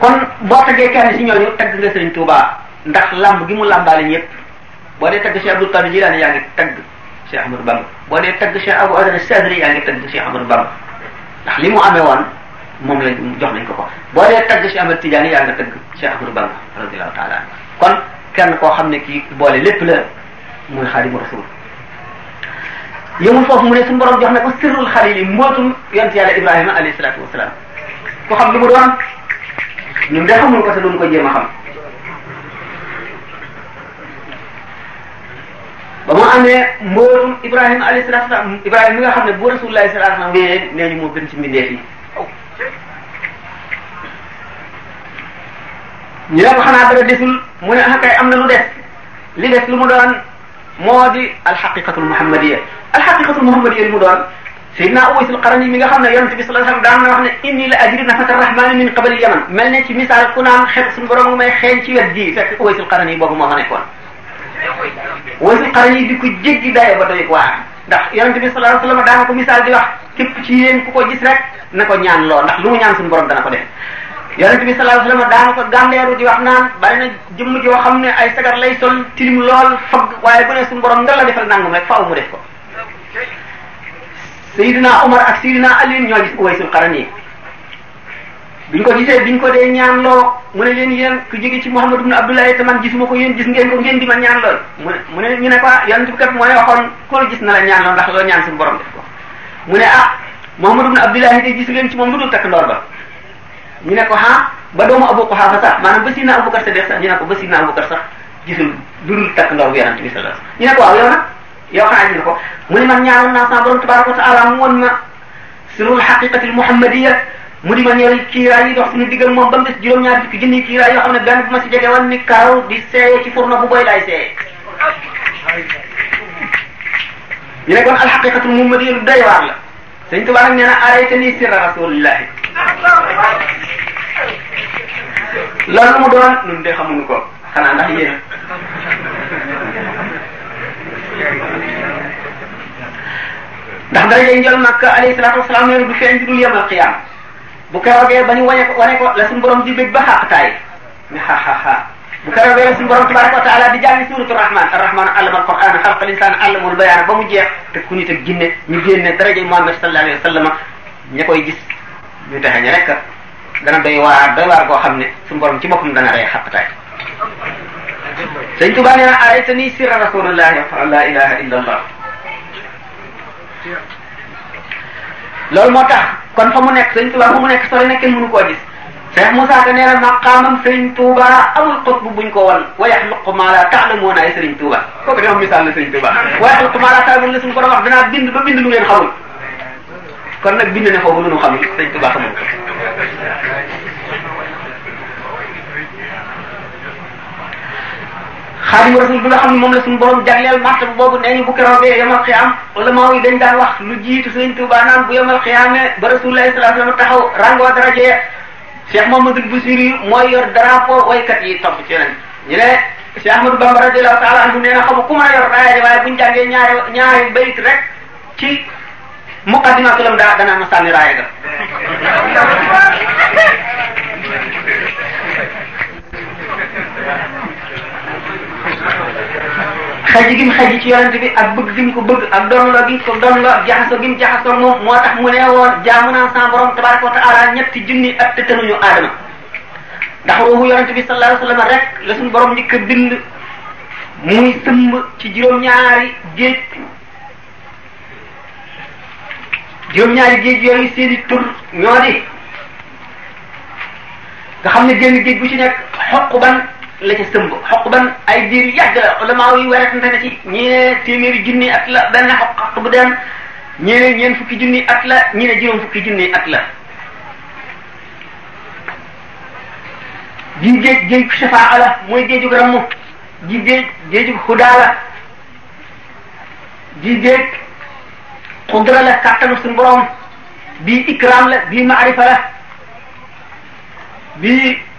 kon boo taggee kenn si ñooñu tagg nga Sëriñ Tuubaa ndax lamb gi mu làmbaale ñëpp boo dee tagg Cheikh Abdul Qadir Jilaani yaa ngi tagg Cheikh Ahmadou Bamba boo dee tagg Cheikh Abou Adama Sadri yaa ngi tagg Cheikh Ahmadou Bamba ndax li mu amee woon moom lañ jox nañ ko ko boo dee tagg Cheikh Ahmadou Tidiane yaa nga tagg Cheikh Ahmadou Bamba radiyallahu taala kon kenn koo xam ne kii boole lépp la muy Xaadimu Rasul yëmul foofu mu ne suñu borom jox na ko sirrul xalil yi mbootum yonent yàlla Ibrahima alayhi salaatu wasalaam ko xam lu mu doon ñun de xamuñ ko te duñ ko jéem a xam ba amee mboorum Ibrahima alayhi salaatu salaam Ibrahima mi nga xam ne bu Rasulullah sallallahu alayhi wa sallam wéyee nee moo gën ci mbindeef yi ñu ne ko xanaa dara desul mu ne ah kay am na lu des li des lu mu doon moo di alxaqiqatul muhammadiya alxaqiqatul muhammadiya li mu doon si Uways al-Qarni mi nga xam ne yonent bi sallallahu alayhi wa sallam daan na wax ne inni la ajri nafata rahmani min qabali yaman mel ne ci misaal ku naan xet suñu borom ngi may xeeñ ci wet gii fekk Uways al-Qarni boobu moo fa ba doy waar ndax yonent bi sallallahu alayhi wa sallam misaal di wax képp ci yéen ku ko na ko ñaan loo ndax lu ñaan suñu borom dana ko def yonent bi sallallahu alayhi wa ko gàndeeru di wax naan bari na jëmm joo xam ne ay sagar lay sol tilim lool fagg waaye bu ne suñu borom nga la defal nangum rek faaw mu def ko Seydina Omar ak Seydina Ali ñoo gis Uwaysul Qarani biñ ko gisee biñ ko dee ñaan loo mu ne leen yéen ku jóge ci Muhammad ibn Abdullahi te man gisuma ko yéen gis ngeen ko ngeen di ma ñaan lool mu ne mu ne ñu ne ko ah, yonent bi kat mooy waxoon kon gis na la ñaan lool ndax loo ñaan suñu borom def ko mu ne ah Muhammad ibn Abdullahi de gis leen ci moom lu dul takk ndoor ba ñu ne ko ah ba doomu Abu Quhafa sax maanaam ba Sidina Abubakar Sadiq sax ne ko ba Sidina Abubakar sax gisul lu dul takk ndoor bu yonent bi sallallahu alayhi ko waaw yow nag yow xaaj ñu ko mu ne man ñaanoon naa sama borom tabaraka wa taala mu won ma sirul xaqiqatil muhammadiya mu di ma ñëw kiiraay yi dox suñu diggal moom ba mu des juróom-ñaar fukki junni kiiraay yoo xam ne benn bu ma si jege wan ni kaaw di seeye ci fourneau bu boy laay seeye ñu ne kon alxaqiqatul muhammadiya lu doy waar la sëñ Tuubaa nag nee na arrêté nii sirra rasulillahi loolu mu doon ñun de xamuñu ko xanaa ndax yéen ndax daraja yi njol Makka alayhi salaatu wasalaam nee na du feeñ dul yemal xiyaam bu keroogee ba ñu wane ko wane ko la suñu borom di bëgg ba xaqtaay mais xaaxaaxaa bu keroogee la suñu borom tabaraka wa taala di jàng suuratu rahman arrahman allama alquran xalqa linsaan allamul bayaan ba mu jeex te ku nit ak ginne ñu génne daraja Muhammad sallallahu alayhi wa sallam ña koy gis ñu taxe ñu rek dana doy waar doy waar koo xam ne suñu borom ci boppam dana rey xaqtaay sëñ Tuubaa nee na aayta nii sirra rasulillahi wa la ilaha illa allah loolu moo tax kon fa mu nekk sëñ Tuuba fa mu nekk sori na kenn mënu koo gis Cheikh Moussa da nee na maqaamam sëriñ Touba amul xut bu buñ ko wan wa yaxluqu maa laa taalamuun ay sëriñ Touba kooku dama misaal la sëriñ Touba wa yaxluqu maa laa taalamuun la suñu borom wax danaa bind ba bind lu ngeen xamul kon nag bind ne foofu lu nu xamul sëriñ Touba xamul ko xaadimu rasul bi nga xam ne moom la suñu borom jagleel martaba boobu nee ñu bu keroogee yomal xiyaam wala maa yi dañ daan wax lu jiitu Sëriñ Tuubaa naan bu yomal xiyaamee ba Rasulullaahi sallallaahu alayhi wa sallam taxaw rangoo daraja ya Cheikh Mamadou Boussiri mooy yor drapeau waykat yi topp ci nañ ñu ne Cheikh Ahmadou Bamba radiyallaahu taala anhu nee na xamu ku ma yor raaya ji waaye buñu jàngee ñaari ñaari bayit rek ci muqaddimaatulam daa danaa ma sànni raaya ga xaji gi xaji ci yonent bi ak bëgg gi mu ko bëgg ak doonloo gi ko doonloo ak jaxasoo gi mu jaxasoo moom moo tax mu ne woon jaamu naa sa borom tabaraka wa taala ñetti junni at te tënuñu aadama ndax ruuxu bi sallallahu alayhi wa sallam rek la suñu borom njëkk a bind muy ci juróom-ñaari géej juróom-ñaari géej yooyu seeni tur ñoo di xam ne génn géej bu ci nekk xoq ban la ca sëmb xoqban ay diir yàgg la ulama yi werante na ci ñee téeméeri junni at la benn xoq bu dem ñi ne ñeen fukki junni at la ñi ne juróom fukki junni at la ji géej géejug safaa la mooy géejug rammu ji géej géejug xudaa la ji géej xudra la kàttanu suñu borom bii ikraam la bii maarifa la bii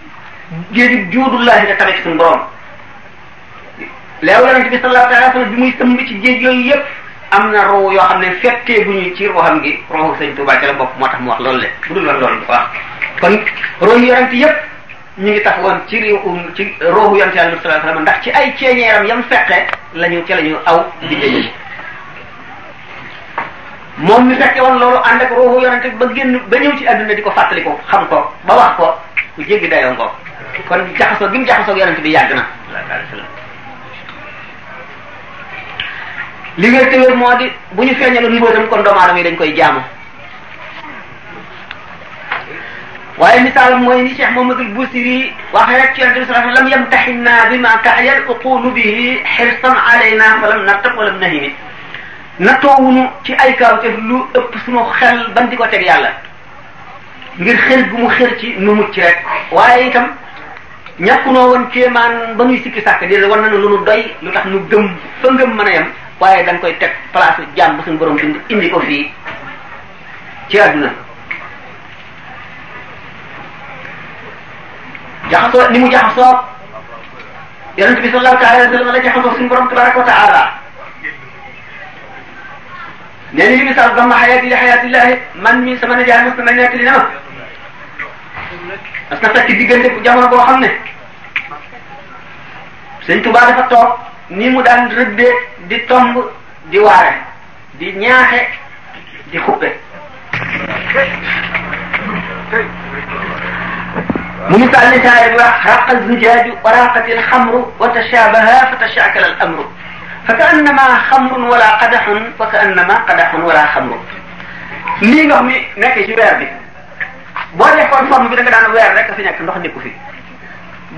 jéegi juudullahi nga tamit suñu borom léew yonente bi sallallahu alayhi wa sallam bi muy sëmb ci jéeg yooyu yëpp am na roo yoo xam ne fettee bu ñu ci roxam gi roxu sëñ Tuubaa ci la bokk moo tax mu wax loolu le bu dul ko kon rooyu yonente yëpp ñu ngi tax woon ci réew ci roohu yonente yàlla sallallahu alayhi wa sallam ndax ci ay ceeñeeram yam feqe la ñu ci la ñu aw di jéeg moom mi fekke woon loolu ànd ak ba génn ba ci àdduna di ko fàttali ko xam ko ba wax ko ku jéggi dayoo ngoo kon jaxasoo gi mu jaxasoo bi yàgg na li wér te wér moo bu ñu feeñaloon mbóotam kon doomu aadama yi dañ koy jaamu waaye misaalam mooy ni Cheikh Mamadou Bousiri waxee rek ci yonent bi sallallahu alayhi wa sallam lam yamtahinnaa bimaa ta'yal uqulu bihi hirsan alaynaa falam nartab walam nahimi nattoowunu ci ay kawteef lu ëpp suñu xel ban di ko teg yàlla ngir xel bu mu ci nu mucc rek waaye itam ñàkk noo woon kéemaan ba nuy sikki sàkk di la war nañu lu nu doy lu tax nu gëm fa ngëm mën a yem waaye da koy teg place jàmm suñu borom bind indi ko fii ci àdduna jaxasoo ni mu jaxasoo yonent bi sallallahu taala alayhi wa sallam la jaxasoo suñu borom tabaraka wa taala nee ni li misaal ba ma xayaati li xayaatillahi man mi sama nijaay mos na nekk li na parce que takk diggante bu jamono boo xam ne sëñ Tuubaa dafa toog ni mu daan rëddee di tomb di waare di ñaaxe di xuppe mu misaal ni saa yi wax raqa zujaaju wa raqati alxamru wa tashaabaha fa tashaakala al amru fa ka annama xamrun wala qadaxun fa ka annama qadaxun wala xamru lii ndox mi nekk ci weer bi boo nekkoon forme bi da nga daan weer rek a fi nekk ndox nekku fi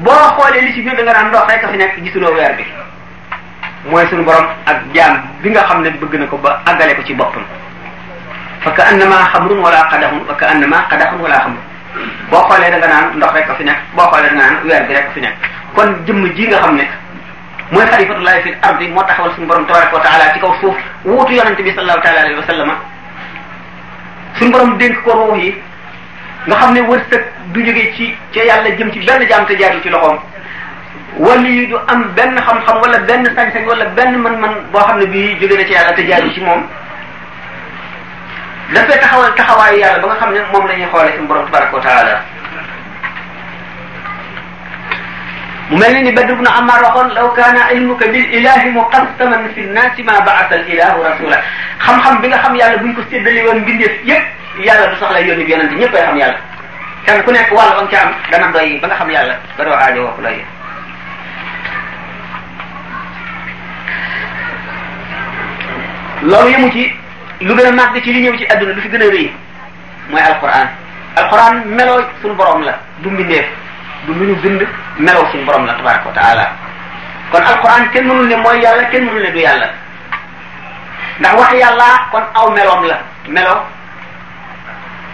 boo xoolee li ci biir da nga daan ndox rek a fi nekk gisuloo weer bi mooy suñu borom ak jaam bi nga xam ne bëgg na ko ba àggale ko ci boppam fa ka annama xamrun wala qadaxun fa ka annama qadaxun wala xamrun boo xoolee da nga naan ndox rek a fi nekk boo xoolee da naan weer bi rek fi nekk kon jëmm ji nga xam ne mooy xalifatullahi fil ardi moo taxawal suñu borom tabaraka wa taala ci kaw suuf wuutu yonente bi sallallahu taala alayhi wa ko yi nga xam ne wërsëg du jógee ci ca yàlla jëm ci benn jaam te jaarul ci loxoom wala yi du am benn xam-xam wala benn sañ-sañ wala benn mën-mën boo xam ne bii jóge na ci yàlla te jaarul ci moom dafay taxawal taxawaayu yàlla ba nga xam ne moom la ñuy xoolee suñu borom tabaraka wa taala mu mel ni ni Badr ibn Ammar waxoon law kaana ilmuka bil ilahi muqassaman fi nnaasi ma ba'atha al ilahu rasula xam-xam bi nga xam yàlla buñ ko séddale woon mbindeef yépp yàlla du soxla yoon yónni bi yonent ñëpp ay xam yàlla kenn ku nekk wàll ba mu ca am dana doy ba nga xam yàlla ba doo aajo wax doy loolu yëmu ci lu gën a màgg ci li ñëw ci adduna lu fi gën a rëy mooy alquran alquran meloo suñu borom la du mbindeef du lu ñu bind meloo suñu borom la tabaraka wa kon alquran kenn mënul ne mooy yàlla kenn mënul ne du yàlla ndax wax yàlla kon aw meloom la melo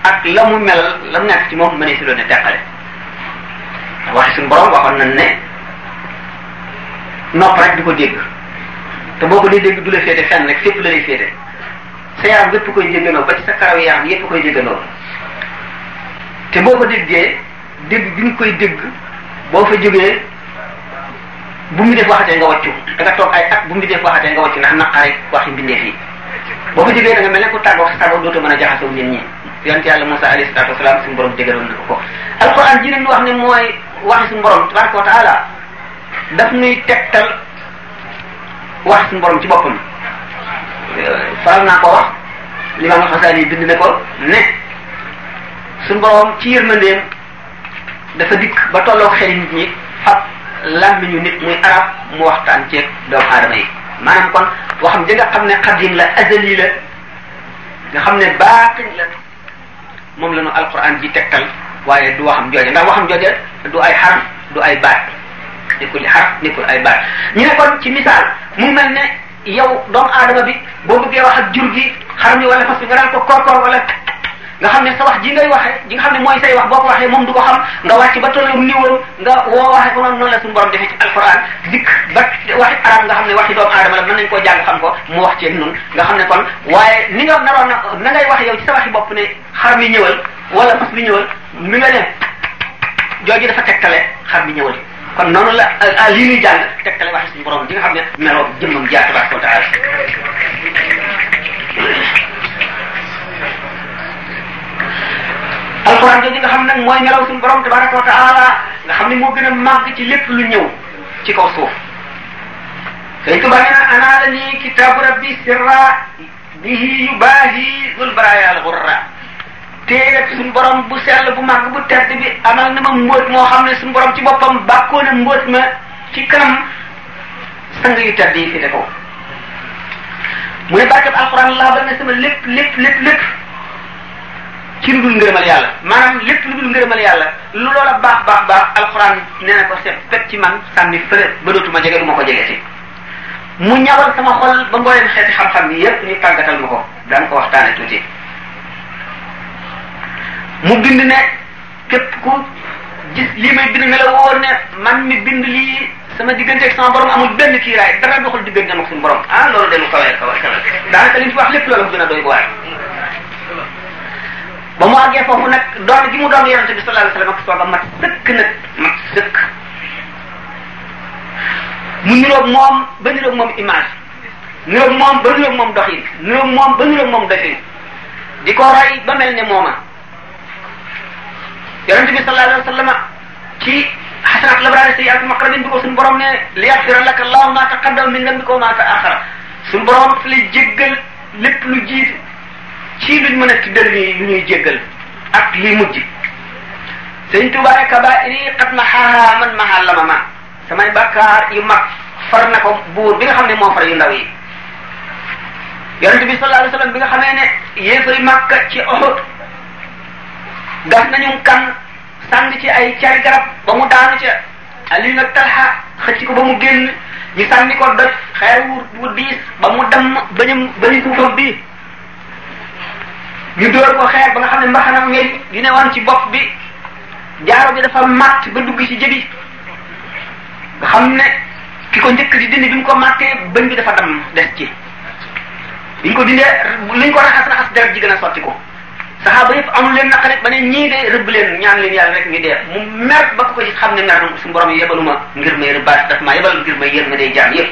ak la mu mel la mu nekk ci moom mënee si doon teqale waxe suñu borom waxoon nañ ne nopp rek di ko dégg te boo ko dee dégg du la féete fenn rek fépp la lay féete sa yaram yépp koy jégganoo ba ci sa karaw yaram yépp koy jégganoo te boo ko déggee dégg bi nga koy dégg boo fa jógee bu mu def waxatee nga wàccu da nga toog ay ak bu mu def waxatee nga wàccu ndax naqari waxi mbindeef yi boo fa jógee da nga mel ne ku tàggoo sa tàggoo dootoo mën a jaxasoo nit yonent yàlla Moussa alayhi salaatu wasalaam suñu borom dégaloon na ko ko alquran ji wax ne mooy waxi suñu borom tabaraka daf nuy tegtal wax suñu ci boppam faral naa ko wax limaam Xasaali bind na ko ne suñu borom ci dafa dikk ba tolloog xel nit ñi fab nit muy arab mu waxtaan ceeg doomu aadama yi maanaam kon waxam ji nga xam ne xadim la azali la nga xam ne la moom la ñu alquran ji tegtal waaye du waxam jooje ndax waxam jooje du ay xaraf du ay baat nekkul xaraf nekkul ay baat ñu ne kon ci misaal mu mel ne yow doomu aadama bi boo bëggee wax ak jur gi xaram yi wala fas bi nga daan ko korkor wala nga xam ne sa wax ji ngay waxe ji nga xam ne mooy say wax boo ko waxee moom du ko xam nga wàcc ba tollu niveau nga woo waxee la suñu borom defee ci ba waxi arab nga xam ne waxi doomu aadama la mën nañ koo jàng mu wax ceeg nga xam ne kon waaye ni nga naroon na na ngay wax yow ci bopp ne xar mi ñëwal wala fas mi ñëwal mi nga ne jooju dafa tegtale xar mi ñëwal kon noonu la euh, euh, lii ñuy jàng tegtale waxi suñu borom ji nga xam ne meloo jëmmam jaa tabaraka wa taala alxuraan jooju nga xam nag mooy ngelaw suñu borom tabaraka wa taala nga xam ne moo gën a màgg ci lépp lu ñëw ci kaw suuf sëñ Tuba nee na anaala nii kitaabu rabbi sirra bihi yubaahi zul baraya al xurra téere suñu borom bu sell bu màgg bu tedd bi amal na ma mbóot moo xam ne suñu borom ci boppam bàkkoo na mbóot ma ci kanam sang yu tedd yi fi de ko mu ne barkeb alxuraan laa ba na sama lépp lépp lépp ci lu dul ngërëmal yàlla maanaam lépp lu dul ngërëmal yàlla lu loola baax baax baax alxuraan nee na ko seet fekk ci man sànni fële ba dootuma jege du ko jege si mu ñawal sama xol ba mbooleem xeeti xam-xam yi yépp ñu tàggatal ma ko daan ko waxtaane tuuti mu bind ne képp ku gis lii may bind ne la wóor ne man mi bind lii sama diggante ak sama borom amul benn kiiraay dara doxul diggante ak suñu borom ah loolu de lu kawe kawe daanaka lépp loolu gën a doy waar ba mu àggee foofu nag doon gi mu doon yonente bi sallallahu alayhi wasallam ak sooba mat sëkk nag mat sëkk mu niroog moom ba moom image niroog moom ba niroog moom moom ba di ko roy ba mel ne mooma yonente bi sallallahu alayhi wasallam ci xasanaat labraari sayyi'aat maqrabin bi ko suñu borom ne li yaxfira laka allahu ma taqaddama min dambika wa ma ta'axara suñu borom fi lay jéggal lépp lu jiitu ci luñ mën a tuddal li ñu ñuy jéggal ak li mujj sëñ Tuubaa kabaa'iri qad maxaaha man maxaa lama ma samay bàkkaar yu mag far na ko buur bi nga xam ne moo far yu ndaw yi yonente bi sallallahu alayhi wasallam bi nga xamee ne yéefari Makka ci Uhud gas nañu kan sànni ci ay cari garab ba mu daanu ca Ali nag Talha xëcc ko ba mu génn ñu sànni ko doj xeer wu diis ba mu dem ba bañu suufam bii ñu dóor ko xeer ba nga xam ne mbaxanam ngeen di ne ci bopp bi jaaro bi dafa matt ba dugg ci jëbi nga xam ne ki ko njëkk di dindi bi mu ko mattee bëñ bi dafa dam des ci liñ ko dindee liñ ko raxas raxas deret ji gën a sotti ko saxaaba yëpp amul leen naq rek ba ne ñii de rëbb leen ñaan leen yàlla rek ñu dee mu mer ba ko ci xam ne mer suñu borom yebaluma ngir may rëbbaat daf maa yebal ngir may yërma day jaam yëpp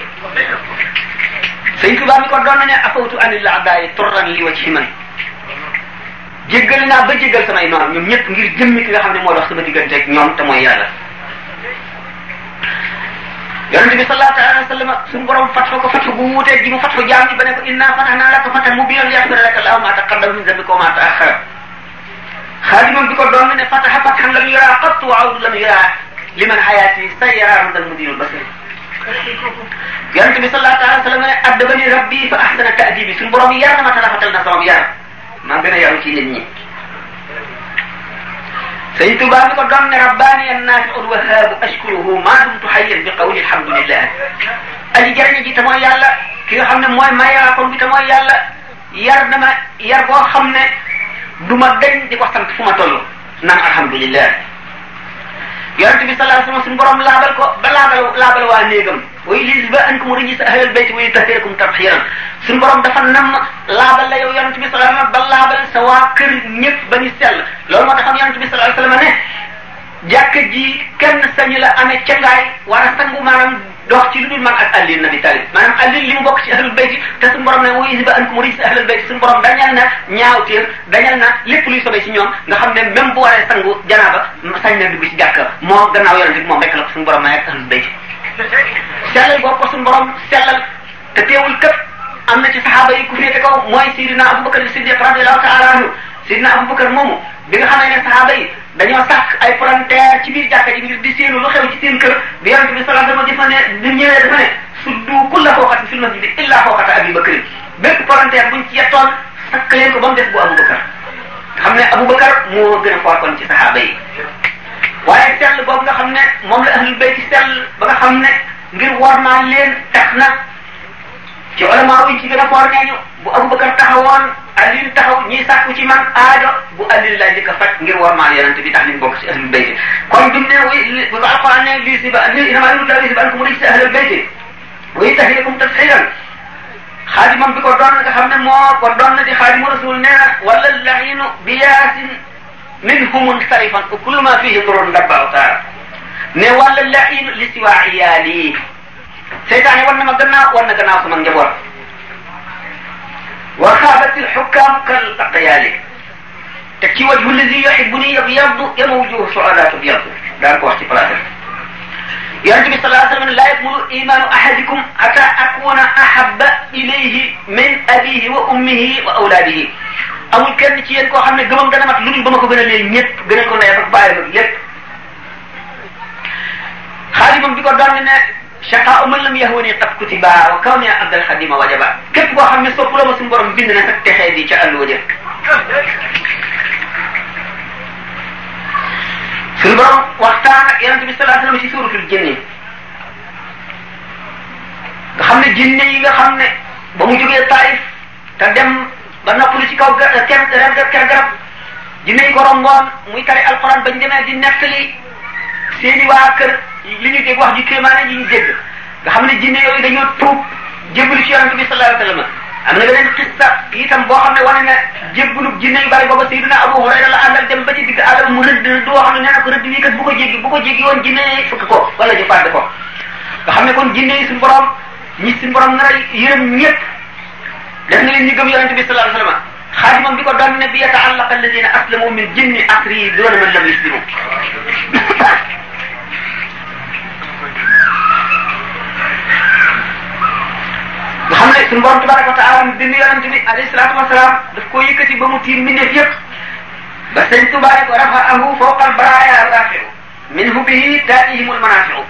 sëñ Tuubaa mi ko doon na ne afawtu anil abdaay turran li wajhi man jéggal naa ba jéggal samay noon ñoom ñëpp ngir jëmmi ki nga xam ne moo dox sama diggante ak ñoom te mooy yàlla yonente bi sallallahu alayhi wa sallam suñu borom fatfa ko fatfa bu wuutee ji mu fatfa jaam ñi ba ne ko inna fatahnaa laka fatan mubiinan liyaghfira laka Allahu maa taqaddama min dhanbika wa maa ta'akhkhara xaadimam bi ko doon ne fataha fathan lam yuraa qattu wa awdu lam yuraa liman hayaati sayyaraa dal mudiinul basir yonente bi sallallahu alayhi wa sallam ne addabani rabbi fa ahsana ta'dibi suñu borom yar na ma te rafetal na sama yar maa gën a yaru ci nit ñi sëñ Tuba mi ko doon ne rabbaani annaasi ul wahaabu ashkuruhu a dumtu hayyan bi qawli alhamdulillah aji jariñu ji te mooy yàlla xam ne mooy mayaakoon bi te mooy yàlla yar dama yar boo xam ne du ma dañ di ko sant fu ma toll naan alhamdulillah yonente bi sallallahu alayhi wa sallam suñu borom laabal ko ba laabal laabal waa néegam wa liisba'anikum rijsa ahlal bayti wa yutahhirakum tathiran suñu borom dafa nam laabal la yow yonent bi sallallahu alayhi wasallam ba laabal sa waa kër ñëpp ba ñu sell loolu moo taxam yonent bi sallallahu alayhi wasallam ne jàkka ji kenn sañu la amee cangaay war a sangu maanaam dox ci lu dul man ak Ali ibn Abi Talib maanaam Ali li mu bokk ci ahlul bayt te suñu borom ne wa yuzhibankum rijsa ahlul bayt suñu borom dañal na ñaawteef dañal na lépp luy sobe ci ñoom nga xam ne même bu waree sangu janaaba sañ na dugg ci jàkka moo gannaaw yonent bi moom rek la ko suñu borom may ak ahlul bayt sellal boobu ko suñu borom sellal te teewul képp am na ci saxaaba yi ku féete kaw mooy Sidina Abubakar Siddiq radiyallahu ta'ala anhu Sidina Abubakar moomu bi nga xamee ne saxaaba yi dañoo sàkk ay frontière ci biir jàkka ji ngir di seenu lu xew ci seen kër bi yonent bi sallallahu alayhi wasallam dafa ne ni ñëwee dafa ne suddu kulla xooxat fil masjid illa xooxata Abi Bakr bépp frontière buñ ci yettoon sakk leen ko ba mu def bu Abubakar nga gën a foor kon ci waaye sell boobu nga xam ne moom la ahlul bayt sell ba nga xam ne ngir wormaal leen tax na ci ulama yi ci gën a foor neñu bu Abubakar taxawoon Aliyu taxaw ñiy sàkku ci man aajo bu Aliyu laa njëkk a faj ngir wormaal yonent bi tax nañ bokk ci ahlul bayt kon bi mu ne wi bu ko alquran ne lii si ba li inamaa yuridu laahu liyuzhiba ankum rijsa ahlal bayt wa yutahhirakum tathiran xaadimam bi ko doon nga xam ne moo ko doon di xaadimu rasul nee na wala laxiinu bi yaasin minhumun sarifan wa kullu ma fihi durrun dabba utara ne walla lainu li siwa iyaali seytaane war na ma gannaaw war na gannaaw sama njaboot wa xaabatil xukkaam kal aqyaali te ci wajhu lazi yuhibbuni yabyaddu yama wujuhu su'adaa tubyaddu daan ko wax ci place yonent bi sallallahu alayhi wa sallam laa yakmulu imaanu ahadikum hatta akuna ahabba ilayhi min abihi wa ummihi wa awlaadihi amul kenn ci yéen koo xam ne gëmam dana mat lu dul ba ma ko gën a lee ñëpp gën a ko nee ak bàyyi ak lépp xaalimam di ko doon ne chaqa man lam yahwani qad kutiba wa kaw ne abdal xadima wajaba képp koo xam ne sopp la ma suñu borom bind na ak texee di ca àlluwa jëf suñu borom waxtaan ak yonente bi sallallahu alayhi wasallam ci suuratul jinni nga xam ne jinne yi nga xam ne ba mu jógee taif te dem ba noppalu ci kaw ga ker ren ga ker garab jinne yi ko rongoon muy tari alxuraan bañ demee di nettali seeni waa kër li ñu dégg wax ji kéemaane yi ñu dégg nga xam ne jinne yooyu dañoo tuub jébbalu ci yonente bi sallallahu alayhi wasallam am na beneen xista itam boo xam ne wane na jébbalu jinne yu bari booba Seydina Abu Hurayra la àndal dem ba ci digg àll mu rëdd du wax ne nee na ko rëdd lii kat bu ko jéggi bu ko jéggi woon jinne fukk ko wala jëfandikoo ko nga xam ne kon jinne yi suñu borom ñi suñu borom nar a yërëm ñëpp def na leen ñu gëm yonente bi sallallahu alayhi wa sallam xaadiman bi ko doon ne bi yata'allaqa alladina aslamu min jinni asri doona man lam yuslimu nga xam ne suñu borom tabaraka wa taala bind yonente bi alayhi salaatu wasalaam daf koo yëkkati ba mu tiim mbindeef yëpp ba sëñ tubaare ko rafa ahu fawqa albaraaya rafiu minhu bihi taatihimul manafiu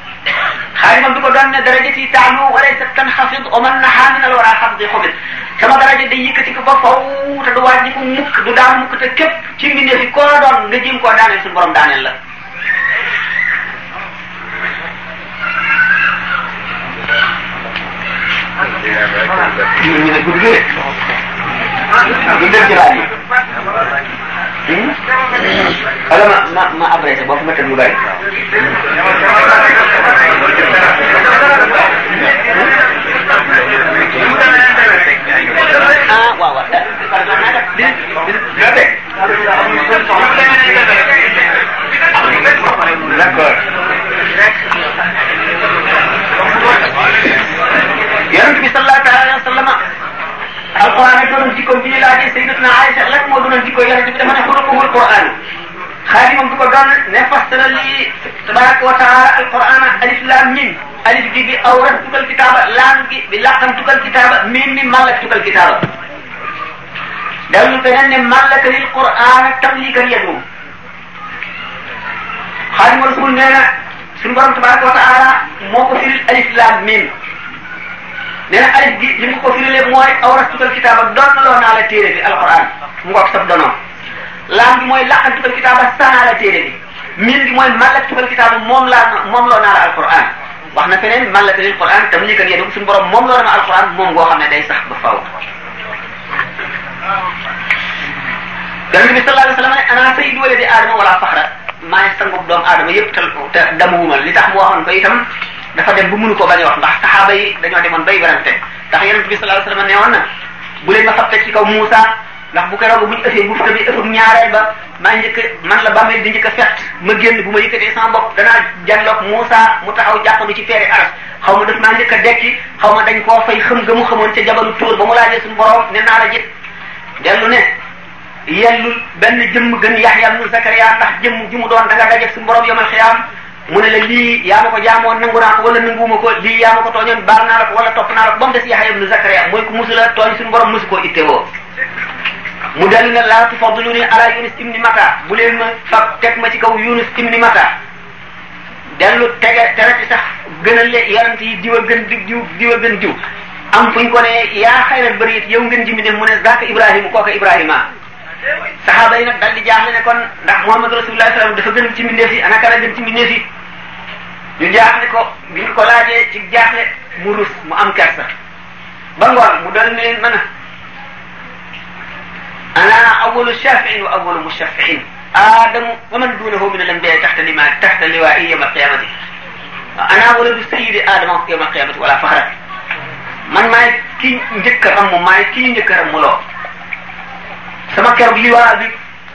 xaalimam du ko doon ne daraja ci taalu wala xafid oman nahaa min al wara xafdi xobit sama daraja day yëkkati ko ba faw te du wàññi ko mukk du daan mukk te képp ci mbindeef yi koo doon nga jéem koo daaneel suñu borom daaneel la ñu wala ma ma ma abrégé boo ko ma tënk lu bari. Hmm? ah waaw waaw. d'accord. yonent bi sallallahu alayhi wa sallam alquran ak doonam jikkoom bi ñu laajee sayyidatuna Aïcha lan moo doonoon jikko yonent bi dafa ne xuluquhul quran xaadimam du ko doon ne fassara li tabaraka wa taala alquran alif laam mim alif gi bi awrat tukkal kitaaba laam gi bi laqam tukkal kitaaba mim mi mallak tukkal kitaaba daw ñu beneen ne mallaka lil quran tamlikan yadu xaadima rasul nee na suñu borom tabaraka wa taala moo ko firil alif laam mim nee na alif gi li mu ko firilee mooy awrastutal kitaaba donnaloo naa la téere bi alquran mu ngoog saf donoom laam gi mooy laqantutal kitaaba sanaa la téere bi min gi mooy mallaktutal kitaaba moom moom loo naa la alquran wax na feneen mallaka lil quran te mu ñu kat yéen suñu borom moom loo na alquran moom ngoo xam ne day sax ba faaw. yonent bi sallallahu alayhi wa sallam ne ana sayyidu waladi aadama maa ngi sangub doomu aadama yëpp te te damuwuma li tax mu waxoon ko dafa dem bu mënu ko bañ a wax ndax saxaaba yi dañoo demoon bay werante ndax yonent bi sallallahu alayhi wasallam ne woon na bu leen ma fab teg ci kaw Muusa ndax bu koy roog buñu ëffee bu fi tamit ëffam ñaareel ba maa njëkk man la bàmmeel di njëkk a fett ma génn bu ma yëkkatee sama bopp danaa janloog Muusa mu taxaw jàppandu ci feeri aras xaw ma daf maa njëkk a dekki xaw ma dañ koo fay xam ga mu xamoon ca jabalu tóor ba mu laajee suñu borom ne naa la jët dellu ne yellul benn jëmm gën Yaxya ibnu Zakariya ndax jëmm ju mu doon da nga daje suñu borom yomal xiyaam mu ne la lii yaa ma ko jaamoon nangu naa ko wala nanguuma ko lii yaa ma ko tooñoon baal naa la ko wala topp naa la ko ba mu des Yaxya ibnu Zakariya mooy ku musu la tooñ suñu borom musu koo ittewoo mu dellu ne laa tufaddiluni ala Yunus ibni Mata bu leen ma fab teg ma ci kaw Yunus ibni Mata dellu tege tere ci sax gënal le yonent yi diwa gën di diw diwa gën diw am fu ñu ko ne yaa xayral bariyat yow ngeen ji mi ne mu ne zaaka Ibrahima kooka Ibrahima saxaaba yi nag dal di jaaxle ne kon ndax Muhammad Rasulullah sallallahu alayhi wasallam dafa gën ci mbindeef yi ana kan a gën ci mbindeef yi ñu jaaxle ko biñ ko laajee ci jaaxle mu rus mu am kersa ba mu doon leen mën a ana awalu shafiin wa awalu mushafiin aadamu wa man duunahu min al anbiya taxta lima taxta liwaa yawma alqiyamati wala faxra man maay ki njëkk a ramm maay ki njëkk loo sama keroog liwaa bi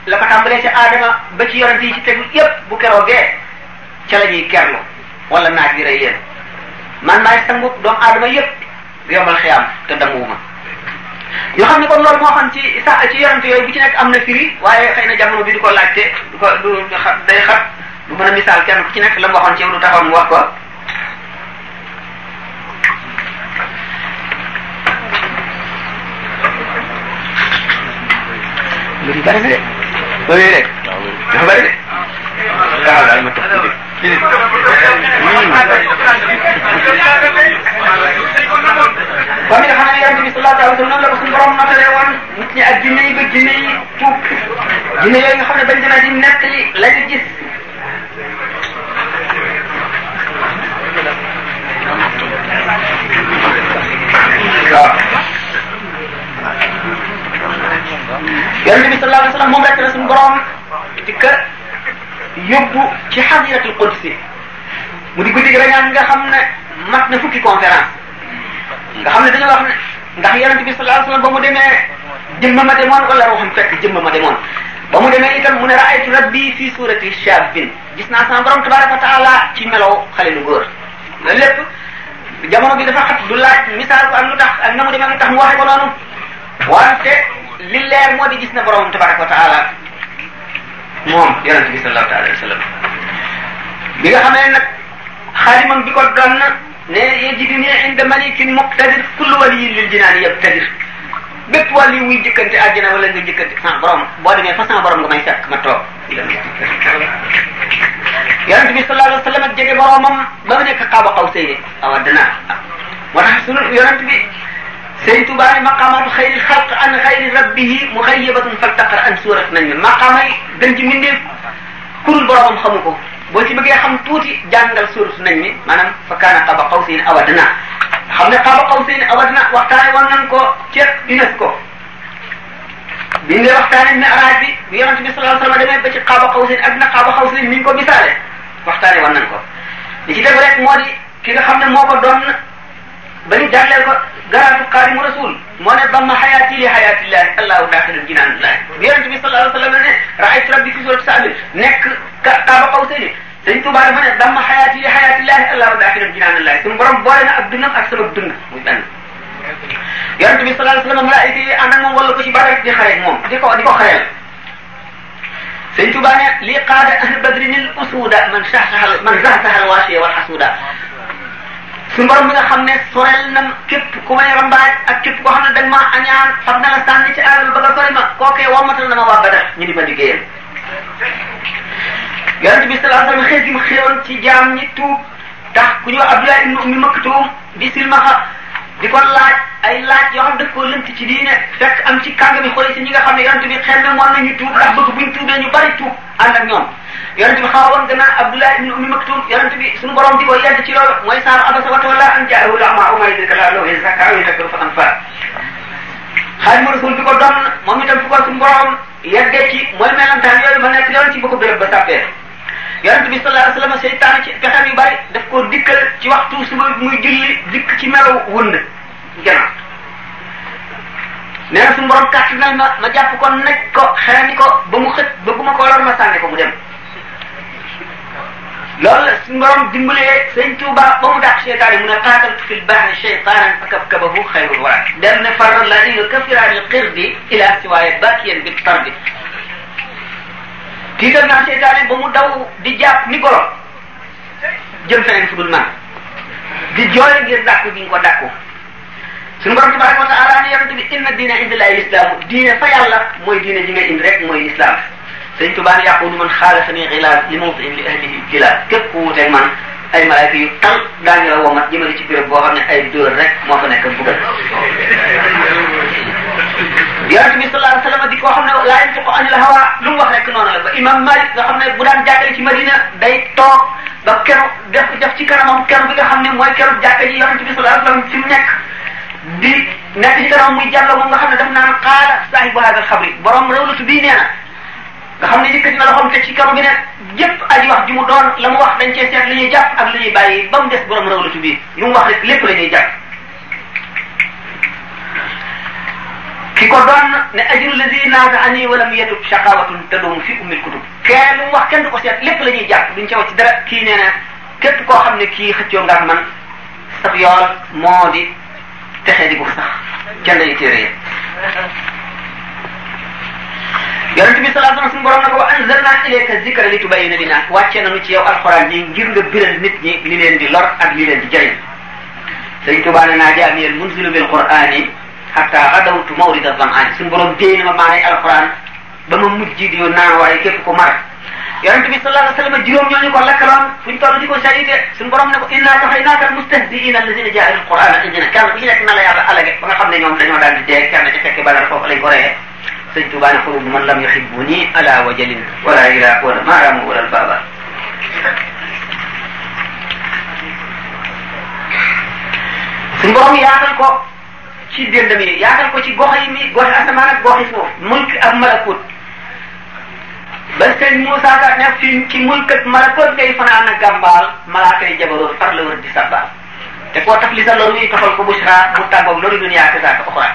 la ko tàmbalee ci aadama ba ci yonent yi ci tegu yépp bu keroogee ca la ñuy kerlu wala naaj yi rey yéen man maay sangu doomu aadama yëpp yombal xiyam te danguwuma yoo xam ne kon loolu moo xam ci sa ci yorante yooyu bu ci nekk am na firi waaye xëy na jamono bi du ko laajte du ko du day xat du mën a misaal kenn ku ci nekk la mu waxoon ci lu taxoon mu wax ko lu bari de loolu rek dafa bari de waaw daal ma tax ba nga xam ne yonent bi sallallahu alayhi wa sallam la ko suñu borom natalee woon nit ñi ak jinne yi ba jinne yi tuub jinne yooyu nga xam ne bañ demee di nett li lañu gis waaw yonent bi sallallahu alayhi wa sallam moom rek la suñu borom ci kër yóbbu ci xadiratul qudsi mu di guddi rañaan nga xam ne mat na fukki conférence nga xam ne dañoo wax ne ndax yonent bi sallallahu alayhi wasallam ba mu demee jëmma ma demoon wala ruuxam fekk jëmma ma demoon ba mu demee itam mu ne raaytu rabbi fii surati shabin gis naa sama borom tabaraka wa taala ci melow xale lu góor loolu lépp jamono bi dafa xat du laaj misaal ko ak lu tax ak na mu demee lu tax mu waxe ko noonu wante li leer moo di gis na borom tabaraka wa taala moom yonente bi sallallahu taala alayhi wa sallam bi nga xamee nag xaalimam bi ko doon na ne yajiduni inda malikin muqtadir kullu waliyin lil jinaan yabtadir bépp wàll yi wuy jëkkante àjjana wala nga jëkkante sans borom boo demee fa sans borom nga may fekk ma toog yonente bi sallallahu alayhi wa sallam ak jege boromam ba mu nekk xaaba xaw sëy ne awa dinaa moo tax sunu yonente bi sëñ Tuba ne maqaamaatu xayri xalq an xayri rabbihi muxayyabatun fal taqra an suurat man mi maqaamay gën ci mbindeef kurul boromam xamu ko boo ci bëggee xam tuuti jàngal suurat nañ mi maanaam fa kaana qaaba qawsayn aw adnaa xam ne qaaba qawsayn aw adnaa waxtaane war nañ ko ceeb UNESCO biñ dee waxtaane mi'raaj bi bi yonent bi sallallahu alayhi wa sallam demee ba ci qaaba qawsayn adnaa qaaba qawsayn niñ ko misaale waxtaane war nañ ko li ci def rek moo di ki nga xam ne moo ko doon. ba ñu jagleel ko garaatu xaadimu rasul moo ne ba ma xayaati li xayaatillahi allahu daaxilun jinaanullahi bi yonente bi sallallahu alayhi wa sallam ne raaytu rabbi fi suurati saabil nekk kaaba qawsayni dañ tubaar ma ne ba ma xayaati li xayaatillahi allahu daaxilun jinaanullahi suñu borom boole na ak dundam ak sama dund muy benn yonente bi sallallahu alayhi wa sallam malaayika yi ànd ak moom wala ko ci barak di xaree moom di ko di ko xareel sëñ Tuba ne lii qaada ahlu badrinil usuuda man saxsaxal man saxsaxal waasiya wal xasuuda suñu borom bi nga xam ne sorel nan képp ku may rambaaj ak képp koo xam ne dañ maa añaan fab na la sànni ci alal ba nga sori ma kookee wammatal ma waa Badar ñu di ma liggéeyal yonent bi sallallahu alayhi wa sallam xëy si mu xëyoon ci jaam ñi tuub tax ku ñëw Abdullah ibn Ummi Maktum di silmaxa di ko laaj ay laaj yoo xam daf koo lënt ci diine fekk am ci kàngami xooli si ñi nga xam ne yonent bi xel na moon nañu tuub ndax bëgg buñ tuubee ñu bari tuub ànd ak ñoom yonent bi xaw woon gannaaw Abdullah ibn Ummi Maktum yonent bi suñu borom di ko yedd ci loolu mooy saaru abasa wa tawalla an jaahu la'ma wa ma yudrika la'allahu yazakka aw yadhakkaru fa anfa Xaadimu Rasuul bi ko doon moom itam fu ko suñu borom yeddee ci mooy melantaan yooyu ma nekk yoon ci yonente bi sallallahu alayhi wasallam seytaane ci pexem yu bari daf koo dikkal ci waxtu suba muy julli dikk ci melaw wënd janam nee na suñu borom kàttanal ma ma jàpp ko nekk ko xeeni ko ba mu xët ba bu ma ko lor ma sànni ko mu dem loolu la suñu borom dimbalee sëñ Tuuba ba mu dàq seytaan yi mu ne qaataltu fil bahri shaytaanan fa kabkabahu xayrul wara dem ne faral la ina kafiraani xirdi ila siwaaya bakiyan bi tarbi tiital naa seytaane ba mu daw di jàpp ni golo jëm feneen fu dul man di jooy ngir dàkku gi nga ko dàkku suñu borom tabaraka wa taala ne yonent bi inna diina indillahi lislaam diine fa yàlla mooy diine ji nga indi rek mooy islam sëñ Tuubaa ne yàqulu man xaalasani xilaal li mawtin li ahlihi jilaal képp ku wuteeg man ay malaayka yu tal daañu la womat jëmale ci béréb boo xam ne ay dóor rek moo fa nekk bugal yonent bi sallallahu alayhi wa sallam di koo xam ne laa yantiqu anil hawa imam Malik nga xam ne bu daan jàkkale ci Madina day toog ba keroog def def ci kanamam keroog bi nga xam ne mooy keroog jàkka ji yonent bi sallallahu alayhi wasallam fi mu nekk di nekk ci kanam muy jàll moom nga xam ne daf naan xaala saahibu haadal xabri borom réewlatu bii nee na nga xam ne yëkkati na loxoom teg ci kaw bi ne yépp aji wax ji mu doon la mu wax dañ cee seet li ñuy jàpp ak li ñuy bàyyi ba mu des borom réewlatu bii lu mu wax rek lépp la ñuy jàpp ki ko doon ne ajrul lazi naala ani walam yatub shaqawatun tadum fi ummil kutub kee lu mu wax kenn du ko seet lépp la ñuy jàpp duñ ca wax ci dara kii nee na képp koo xam ne kii xëccoo nga man sax yool moo di texe di bu sax kenn lay téere yi yonente bi sallallahu alayhi wa sallam suñu borom na ko wa anzalna ilayka zikra li tubayyina linnaas wàccee nañu ci yow alxuraan yi ngir nga biral nit ñi li leen di lor ak li leen di jëriñ sëñ Tuubaa ne naa jaamiyal munzilu bil qur'aani xataa radawtu mawrida dam'aan suñu borom déy na ma maanay alquran ba ma mujj di naan waaye képp ko mara yonente bi sallallahu alayhi wa sallam juróom ñooñu ko lakkaloon fu ñu toll di ko sayide suñu borom ne ko inna kafaynaka almustahzi'ina alladhina ja'alu alqur'ana indina kenn ku ci nekk na la yàlla alage ba nga xam ne ñoom dañoo daal di dee kenn ci fekke balar foofu lañ ko reyee sëñ Tuubaa ne xulubu man lam yuhibbuni ala wajalin wala ila wala maaramu wala albaba suñu borom yaatal ko ci dëndam yi yaatal ko ci gox yi mi gox asamaan ak gox yi suuf mulk ak malakut ba sëñ Moussa Ka ne fi ci mulk ak malakut ngay fanaan ak gàmbaal malaakay jabaroo far la wër di sabbaal te koo taf li sa loru yi tafal ko bushra mu tàggoog loru duniyaa te saaka oxra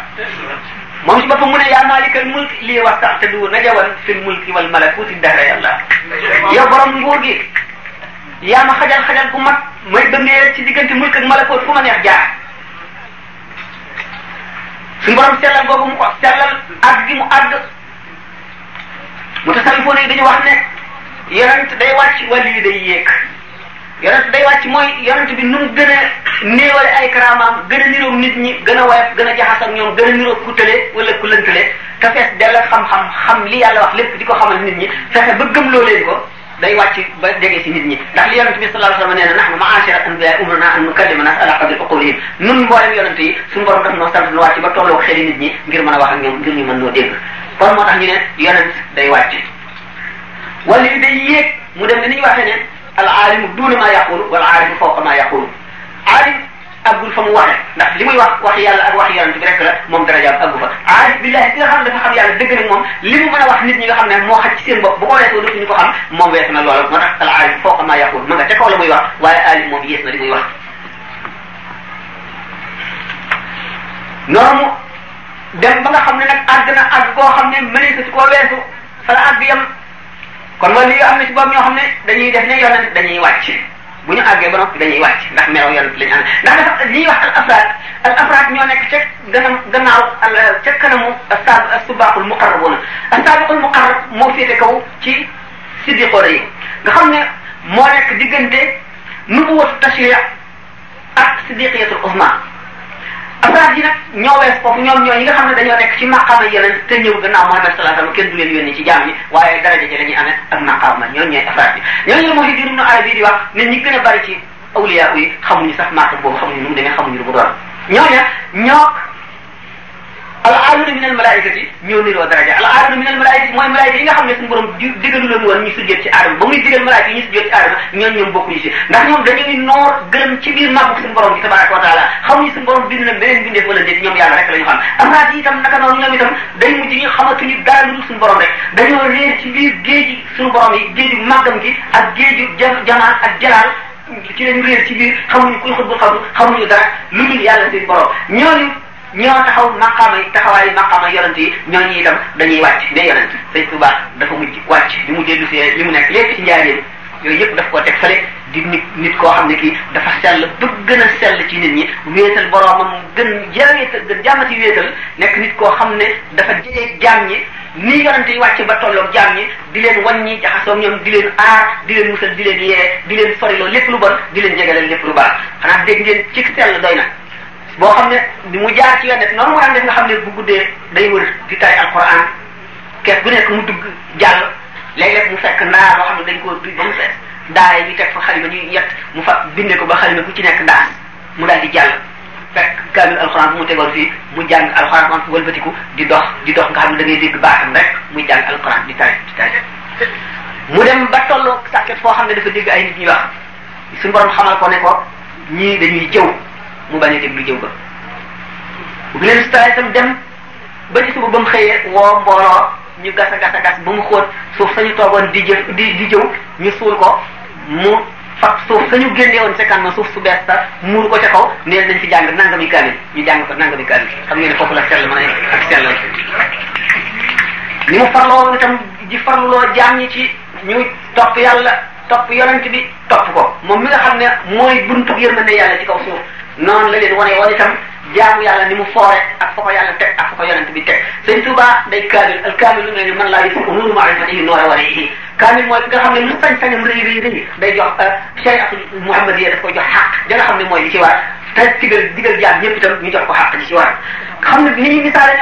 moom si boppam mu ne yaa maalikal mulk lii wax sax te du najawan fil mulki wal malakuti dahra yàlla yo borom nguur gi ya ma xajal xajal bu mag may dëndee rek ci diggante mulk ak malakut fu ma neex jaar suñu borom sellal boobu mu ko sellal àgg gi mu àgg mu tasawifoon yi dañu wax ne yonent day wàcc wàllu yi day yéeg yonent day wàcc mooy yonent bi nu mu gën a néewale ay karaamaam gën a niroog nit ñi gën a woyof gën a jaxas ak ñoom gën a niroog ku tële wala ku lëntale te fees dell xam-xam xam li yàlla wax lépp di ko xamal nit ñi fexe ba gëm loo leen ko day wàcc ba jege si nit ñi ndax yonent bi sallallahu alayhi wa sallam nee na nahnu ma'ashira anbiya umirna an nukallima nas ala qadri uqulihim nun mboolem yonent yi suñu borom daf noo sant nu wàcc ba tolloo xeli nit ñi ngir mën a wax ak ñoom ngir ñu mën noo dégg kon moo tax ñu ne yonent day wàcc wala yu day yéeg mu dem ni ñu waxee ne al alimu duuna maa yaqulu wal alimu fawqa maa yaqulu alim aggul fa mu waxee ndax li muy wax wax yàlla ak wax yonent bi rek la moom darajaam aggu fa aarif billahi ki nga xam ne dafa xam yàlla dëgg nag moom li mu mën wax nit ñi nga xam ne moo xaj ci seen bopp bu ko weesoo dootuñu ko xam moom na loola moo tax al aarif foo xamaa yàqul ma nga ca kaw la muy wax waaye aarif moom yées na li muy wax noonu dem ba ne nag àgg na àgg koo xam ne mënees su koo weesu fa la àgg yam kon mooy li am na ci boobu ñoo xam ne dañuy def ne yonent dañuy wàcc bu ñu àggee ba noppi dañuy wàcc ndax melaw yonent lañu am ndax dafa li ñuy wax al afraad al afraad ñoo nekk ca ganam gannaaw al ca kanamu asab asubaqul muqarrabuna asabiqul muqarrab moo féete kaw ci siddiqoora yi nga xam ne moo nekk diggante nubuwatu tashriya ak siddiqiyatul uzma asaar ji nag ñoo wees foofu ñoom ñoo ñi nga xam ne dañoo nekk ci maqaama yeneen te ñëw gannaaw Muhammad sallallahu alayhi wasallam kenn du leen yónni ci jaam ñi waaye daraja ji la ñuy amee ak maqaama ñoom ñooy asaar ji ñooñu la Muhyiddin Ibn Arabi di wax ne ñi gën a bari ci awliya yi xamuñu sax maqaam boobu xamuñu nu mu demee xamuñu lu mu doon ñooñu ñoo al aamil min al malaayikati ñëw niroo daraja al aamil min al mooy malaayika nga xam ne suñu borom digalu leen woon ñu sujjóot ci ci aadama ñoom ñoom bokkuñu si ndax ñoom dañuy noor ci biir màggu suñu borom bi tabaraka wa taala xamuñu suñu borom bind na beneen bindeef wala déet ñoom yàlla rek la ñu xam am naa ci itam naka noonu ñoom itam day mujj ñu xamatuñu dara lu dul suñu borom rek dañoo ci biir géeji suñu borom yi géeju màggam gi ak géeju jamaan ak jalaal ci leen réer ci biir xamuñu kuy xutbul xabru xamuñu dara lu ñoo taxaw maqaamay taxawaayu maqaamay yonent yi ñooñu itam dañuy wàcc ne yonent sëñ Tuubaa dafa mujj wàcc li mu dellu see li mu nekk léegi ci njaareen yooyu yëpp daf koo teg fale di nit nit koo xam ne kii dafa sell ba gën a sell ci nit ñi wéetal boroomam gën jawéetal gën jàmmati wéetal nekk nit koo xam ne dafa jege jaam ñi nii yonente yi wàcc ba tolloog jaam ñi di leen wàññi jaxasoo ñoom di leen aar di leen musal di leen yee di leen soriloo lépp lu bon di leen jegeleel lépp lu baax xanaa dégg ci sell doy na boo xam ne mu jaar ci yoon ne noonu mu daan def nga xam ne bu guddee day wër di tari alquran kees gu nekk mu dugg jàll léeg-léeg mu fekk ndaa boo xam ne dañ koo bi ba mu fees daare ñu teg fa xalima ñuy yett mu fa binde ko ba xalima ku ci nekk daan mu daal di jàll fekk kaamil alxuraan bu mu tegoon fii mu jàng alxuraan man wëlbatiku di dox di dox nga xam da ngay dégg baatam rek muy jàng alxuraan di tari di tari mu dem ba tolloo sàkket foo xam ne dafa dégg ay nit ñuy wax suñu borom xamal ko ne ko ñii dañuy jëw mu bañ a déglu jëw ba bu leen si taay itam dem ba ci suba ba mu xëyee woo mbooloo ñu gas a gas a gas ba mu xóot suuf sañu toogoon di jëf di di jëw ñu suul ko mu fab suuf sañu génnee woon sa kanam suuf su bees sa muur ko ca kaw nee nañ fi jàng nangami kaamil ñu jàng ko nangami kaamil xam ngeen ne la sell mën a ak sellal ni mu farloo itam di farluloo jaam ñi ci ñu topp yàlla topp yonent bi topp ko moom mi nga xam ne mooy buntu yërmande yàlla ci kaw noonu la leen wane woon itam jaamu yàlla ni mu foore a fa ko yàlla teg ak fa ko yonent bi teg sëñ Tuubaa day kaamil al kaamil lu mu ne man laa yusuf umuru maarifatihi noora warihi kaamil mooy nga xam ne lu sañ-sañam rëy rëy rëy day jox chariatul euh, muhammadiya jox xaq da xam ne mooy li ci war te di digal jaam ñëpp itam ñu jox ko xaq li ci war xam ne ni ñu misaale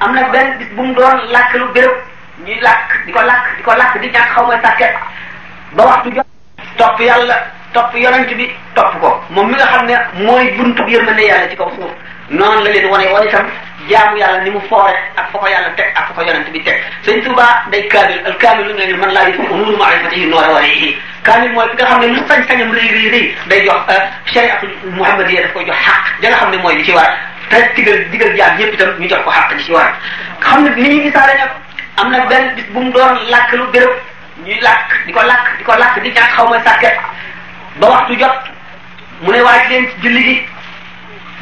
am na ben di bu mu doon làkk lu béréb ñuy làkk di ko làkk di ko làkk di ñàkk xaw ma sàkket ba waxtu jot topp yàlla topp yonent bi topp ko moom mi nga xam ne mooy buntu yërmande yàlla ci kaw suuf noonu la leen wane wane itam jaamu yàlla ni mu foore ak fa ko yàlla teg ak ko yonent bi teg sëñ Tuubaa day kaamil al kaamil lu ne ni man laa yëg nuuru maarifatihi nga xam ne lu sañ-sañam rëy rëy rëy day jox chariatu euh, muhammadiyya daf koy jox xaq da xam ne mooy li ci war te digal digal jaam ñëpp itam ñu jox ko xaq li ci war xam ne ni ñu misaale nag am na benn bis bu mu doon làkk lu béréb ñuy làkk di ko lakk di ko làkk di ñàkk xaw ma sàkket ba waxtu jot mu ne waaj leen ci julli gi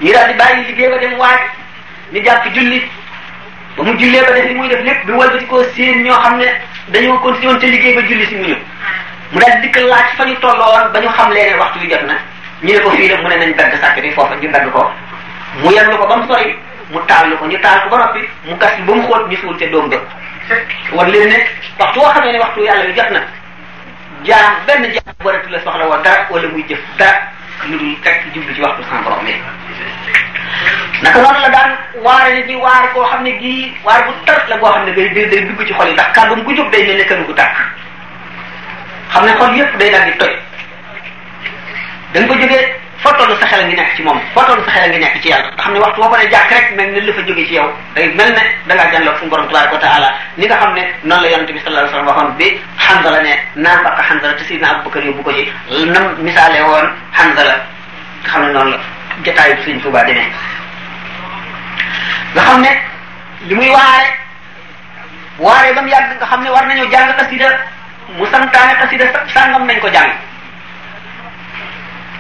ñu daal di bàyyi liggéey ba dem waaj ni jàpp julli ba mu jullee ba def li muy def lépp bi walbati ko séen ñoo xam ne dañoo continué woon liggéey ba julli si mu ñëw mu daal di dikkal laaj fa ñu tolloo woon ba ñu xam leen waxtu bi jot na ñu ne nañ dagg sàcc bi foofa ñu dagg ko mu yellu ko ba mu sori mu taal ko ñu taal ko ba noppi mu gas bi ba mu xóot ñu suul te doom dëkk wan leen ne waxtu woo xam ne ne waxtu yàlla yu jot na jaam benn jaam waratu la soxla woo dara wala muy jëf dara lu dul rek jublu ci waxtu sans borom yi naka noonu la daan waare nit ñi waar koo xam ne gii waar bu tar la boo xam ne day day dugg ci xol yi ndax kàddu gu jóg day mel ne kanu gu tàkk xam ne xol yëpp day daal di toy da nga ko jógee foo tollu sa xel nekk ci moom foo tollu sa xel a ngi nekk ci yàlla nga xam ne waxtu boo ko ne jàkk rek mel ne lu fa jóge ci yow day mel ne da ngaa jànloog suñu borom tabaraka ni nga xam ne noonu la yonente bi sallallahu alayhi wasallam waxoon bi Hanzala ne naan baq Hanzala te sidna ko ci nam misaale woon Hanzala xam ne noonu la jotaayu Sëriñ Tuubaa demee nga xam ne li muy waare waare ba mu yàgg nga xam ne war nañoo jàng xasida mu santaane xasida sàngam nañ ko jàng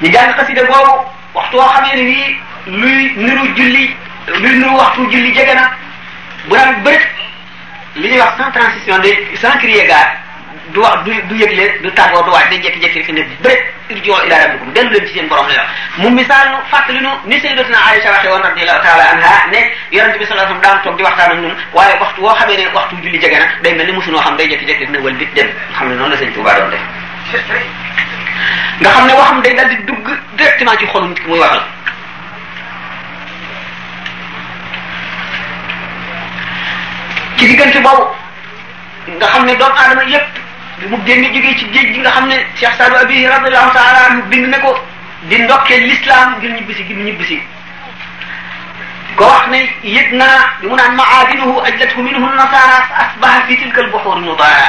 ñu jàng xasida boobu waxtu woo xam ne wii luy niru julli luy niru waxtu julli jege na bu daan li ñuy wax sans transition de sans crier gare du wax du du yëgle du tàggoo du waaj day jékki-jékki rek ne bëri irji'u ilaa rabbikum dellu leen ci seen borom la yor mu misaal nu fàttali nu ni sayyidatina Aïcha waxee woon radiyallahu taala anha ne yonente bi sallallahu alayhi wasallam daan toog di waxtaan ak ñun waaye waxtu woo xamee ne waxtu julli jege na day mel ni mosunoo xam day jékki-jékki rek ne wal dit dem xam ne noonu la sëñ Tuubaa doon def nga xam ne waxam day daal di dugg directement ci xolu nit ki muy waxal ci diggante boobu nga xam ne doomu aadama yépp bi mu génne jógee ci géej gi nga xam ne Cheikh Sadou Abi radiyallahu taala anhu bind na ko di ndokkee l'islam ngir ñibbisi gi mu ñibbisi ko wax ne yëg naa bi mu naan maadinuhu ajlathu minhu nasara asbaha fi tilka albuhur mudara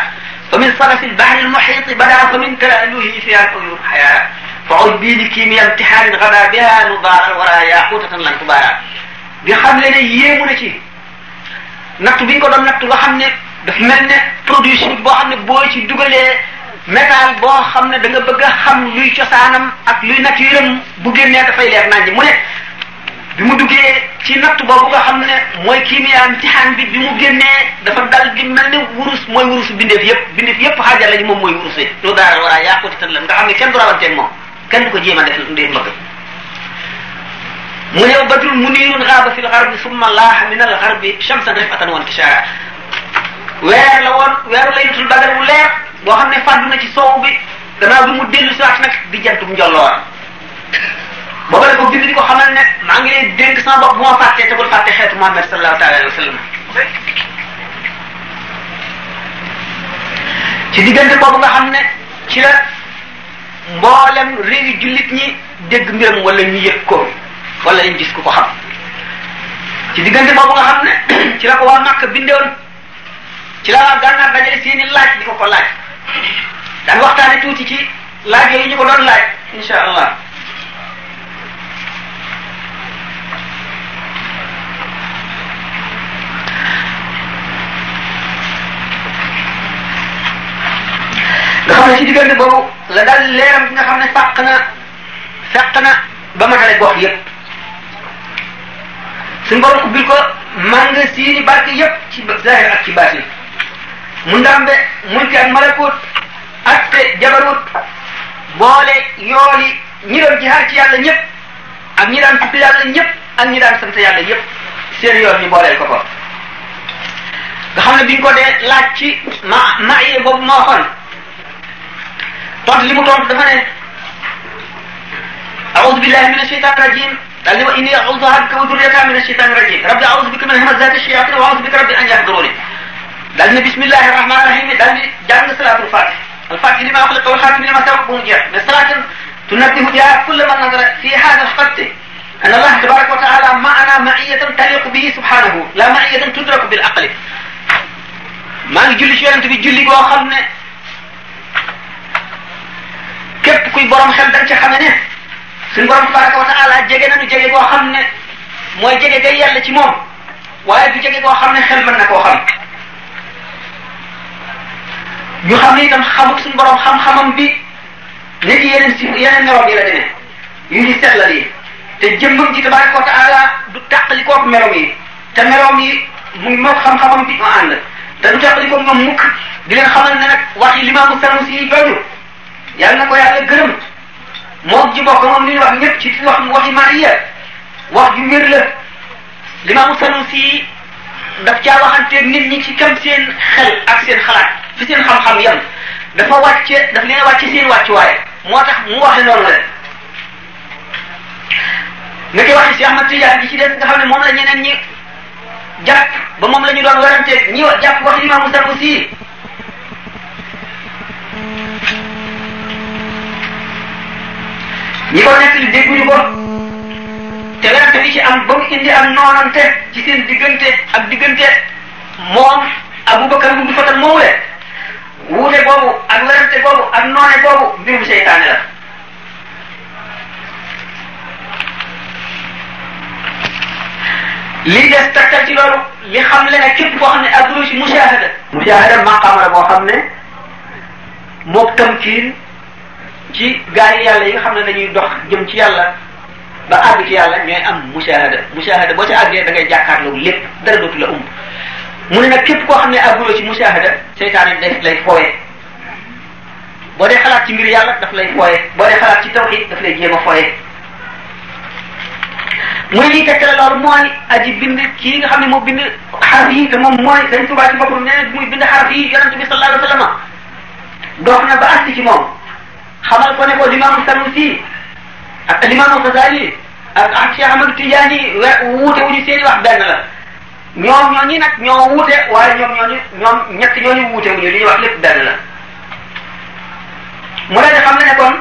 ومن صرف البحر المحيط بدا فمن تألهه فيها عيون حياة فعد بي لكيمياء امتحان غدا بها نضارا ولا ياقوتة لن تبارا bi xam le ne yéemu na ci nattu bi ñu ko doon nattu nga xam ne daf mel ne produit chimique boo xam ne boo ci dugalee métal boo xam ne da nga bëgg a xam luy cosaanam ak luy nature am bu génnee dafay leer nañ ji mu ne bi mu duggee ci natt boobu nga xam ne mooy kiimiya imtixaan bi bi mu génnee dafa dal di mel ne wurus mooy wurus bindeef yëpp bindeef yëpp xaajal lañu moom mooy wurus yi lu daara war a yàqu tan la nga xam ne kenn du rawanteeg moom kenn du ko jéem a def ndéef mbëgg mu ñëw badrul muniirun xaaba fil xarbi summa laaha min al xarbi shamsan rifatan wa intishaara weer la woon weeru laylatul badr bu leer boo xam ne fàddu na ci soow bi gannaaw bi mu dellu si waat nag di jantum njolloor ba pare ko bind di ko xamal ne maa ngi lay dénk sama bopp bu ma fàttee te bul fàtte xeetu Muhammad sallallahu taala alayhi wa sallam ci diggante boobu nga xam ne ci la mboolem réewi jullit ñi dégg mbiram wala ñu yëg ko wala ñu gis ku ko xam ci diggante boobu nga xam ne ci la ko waa Màkka bindewoon ci la waa gànnaar dajale seeni laaj di ko ko laaj daan waxtaane tuuti ci laaj yooyu ñu ko doon laaj insha allah nga xam ne ci diggante boobu la dal leeram bi nga xam ne fàq na fàq na ba matale gox yépp suñ borom ubbil ko màng siini barke yépp ci zahir ak ci baatin mu ndambe mulki ak malakut atte jabarut boole yooli ñi doon jihaar ci yàlla ñëpp ak ñi daan tudd yàlla ñëpp ak ñi daan sant yàlla ñëpp seen yoon ñu booleel ko ko nga xam ne biñ ko dee laaj ci ma ma yee boobu ma waxoon tont li mu tont dafa ne aoudu billahi min asheitan rajim daal di wa inni auduha bika wa durriyata min asheitan rajim rabbi audu bika min hamazati shayatin wa audu bika rabbi an yahduruni daal di ne bismillahi rahmani rahim daal di jàng salaatul fatih alfatih lima xuliqa walxatim lima sabaq bu mu jeex mais salaatin tunabbihu biha kulla man nadara fi hada alxatti an allah tabaraka wa taala maana maiyatan taliqu bihi subhanahu la maiyatan tudraku bil aqli maa ngi julli ci yonent bi julli goo xam ne kuy borom xel dañ ca xame ne suñ borom tabaraka wa taala jege nañu jege koo xam ne mooy jege gay yàlla ci moom waaye du jege koo xam ne xel man na koo xam ñu xam ne itam xamut suñ borom xam-xamam bi nit yi yeneen si yeneen meloom yi la demee yu ñuy seetlal yi te jëmbam ci tabaraka wa taala du tàqali kook meloom yi te meloom yi mu ngi moog xam-xamam bi ma ànd te du tàqali kook moom mukk di leen xamal ne nag wax yi limaamu sanusi yi doylu yàlla nga ko yàlla gërëm moom ci boppam moom li ñuy wax ñëpp ci wax waxi mariya wax ju wér la limaamu Sanusi daf caa waxanteeg ni ñi ci kam seen xel ak seen xalaat fi seen xam-xam yam dafa wàcce daf leen wàcce seen wàccuwaay moo tax mu wax noonu la nga koy waxe si Ahmad Tijaan gi ci des nga xam ne moom la ñeneen ñi jàpp ba moom la ñu doon waranteeg ñi jàpp wax limaamu Sanusi ñi ko nettali dégguñu ko te werante bi ci am ba mu indi am noonante ci seen diggante ak diggante moom Abubakar bu du fatal moomule wuute boobu ak werante boobu ak noone boobu mbirum seytaane la li des takkal ci loolu li xam le ne képp koo xam ne adru ci mushahada mushahada maqaam la boo xam ne mook tamkiin ci gaay yi yi nga xam ne dañuy dox jëm ci yàlla ba àgg ci mu ñooy am mushahada mushahada boo ci àggee da ngay jàkkaarloog lépp dara mu ne nag képp koo xam ne àgguloo ci mushahada seytaane daf lay fooye boo dee ci mbir yàlla daf lay fooye boo dee xalaat ci tawxid daf lay jéem a fooye muy lii tekk la loolu mooy aji bind kii nga xam ne moo bind xaraf yi te moom mooy dañ tubaa ci boppam nee na muy bind xaraf yi yonente bi sallallahu alayhi wa dox na ba àgg ci moom xamal ko ne ko limaamu Sanusi ak limaamu Xasaali ak ak Cheikh Ahmadu Tijaani wuute wuñu seeni wax benn la ñoom ñooñu nag ñoo wuute waaye ñoom ñooñu ñoom ñett ñooñu wuute wuñu li ñuy wax lépp benn la mu la xam ne ne kon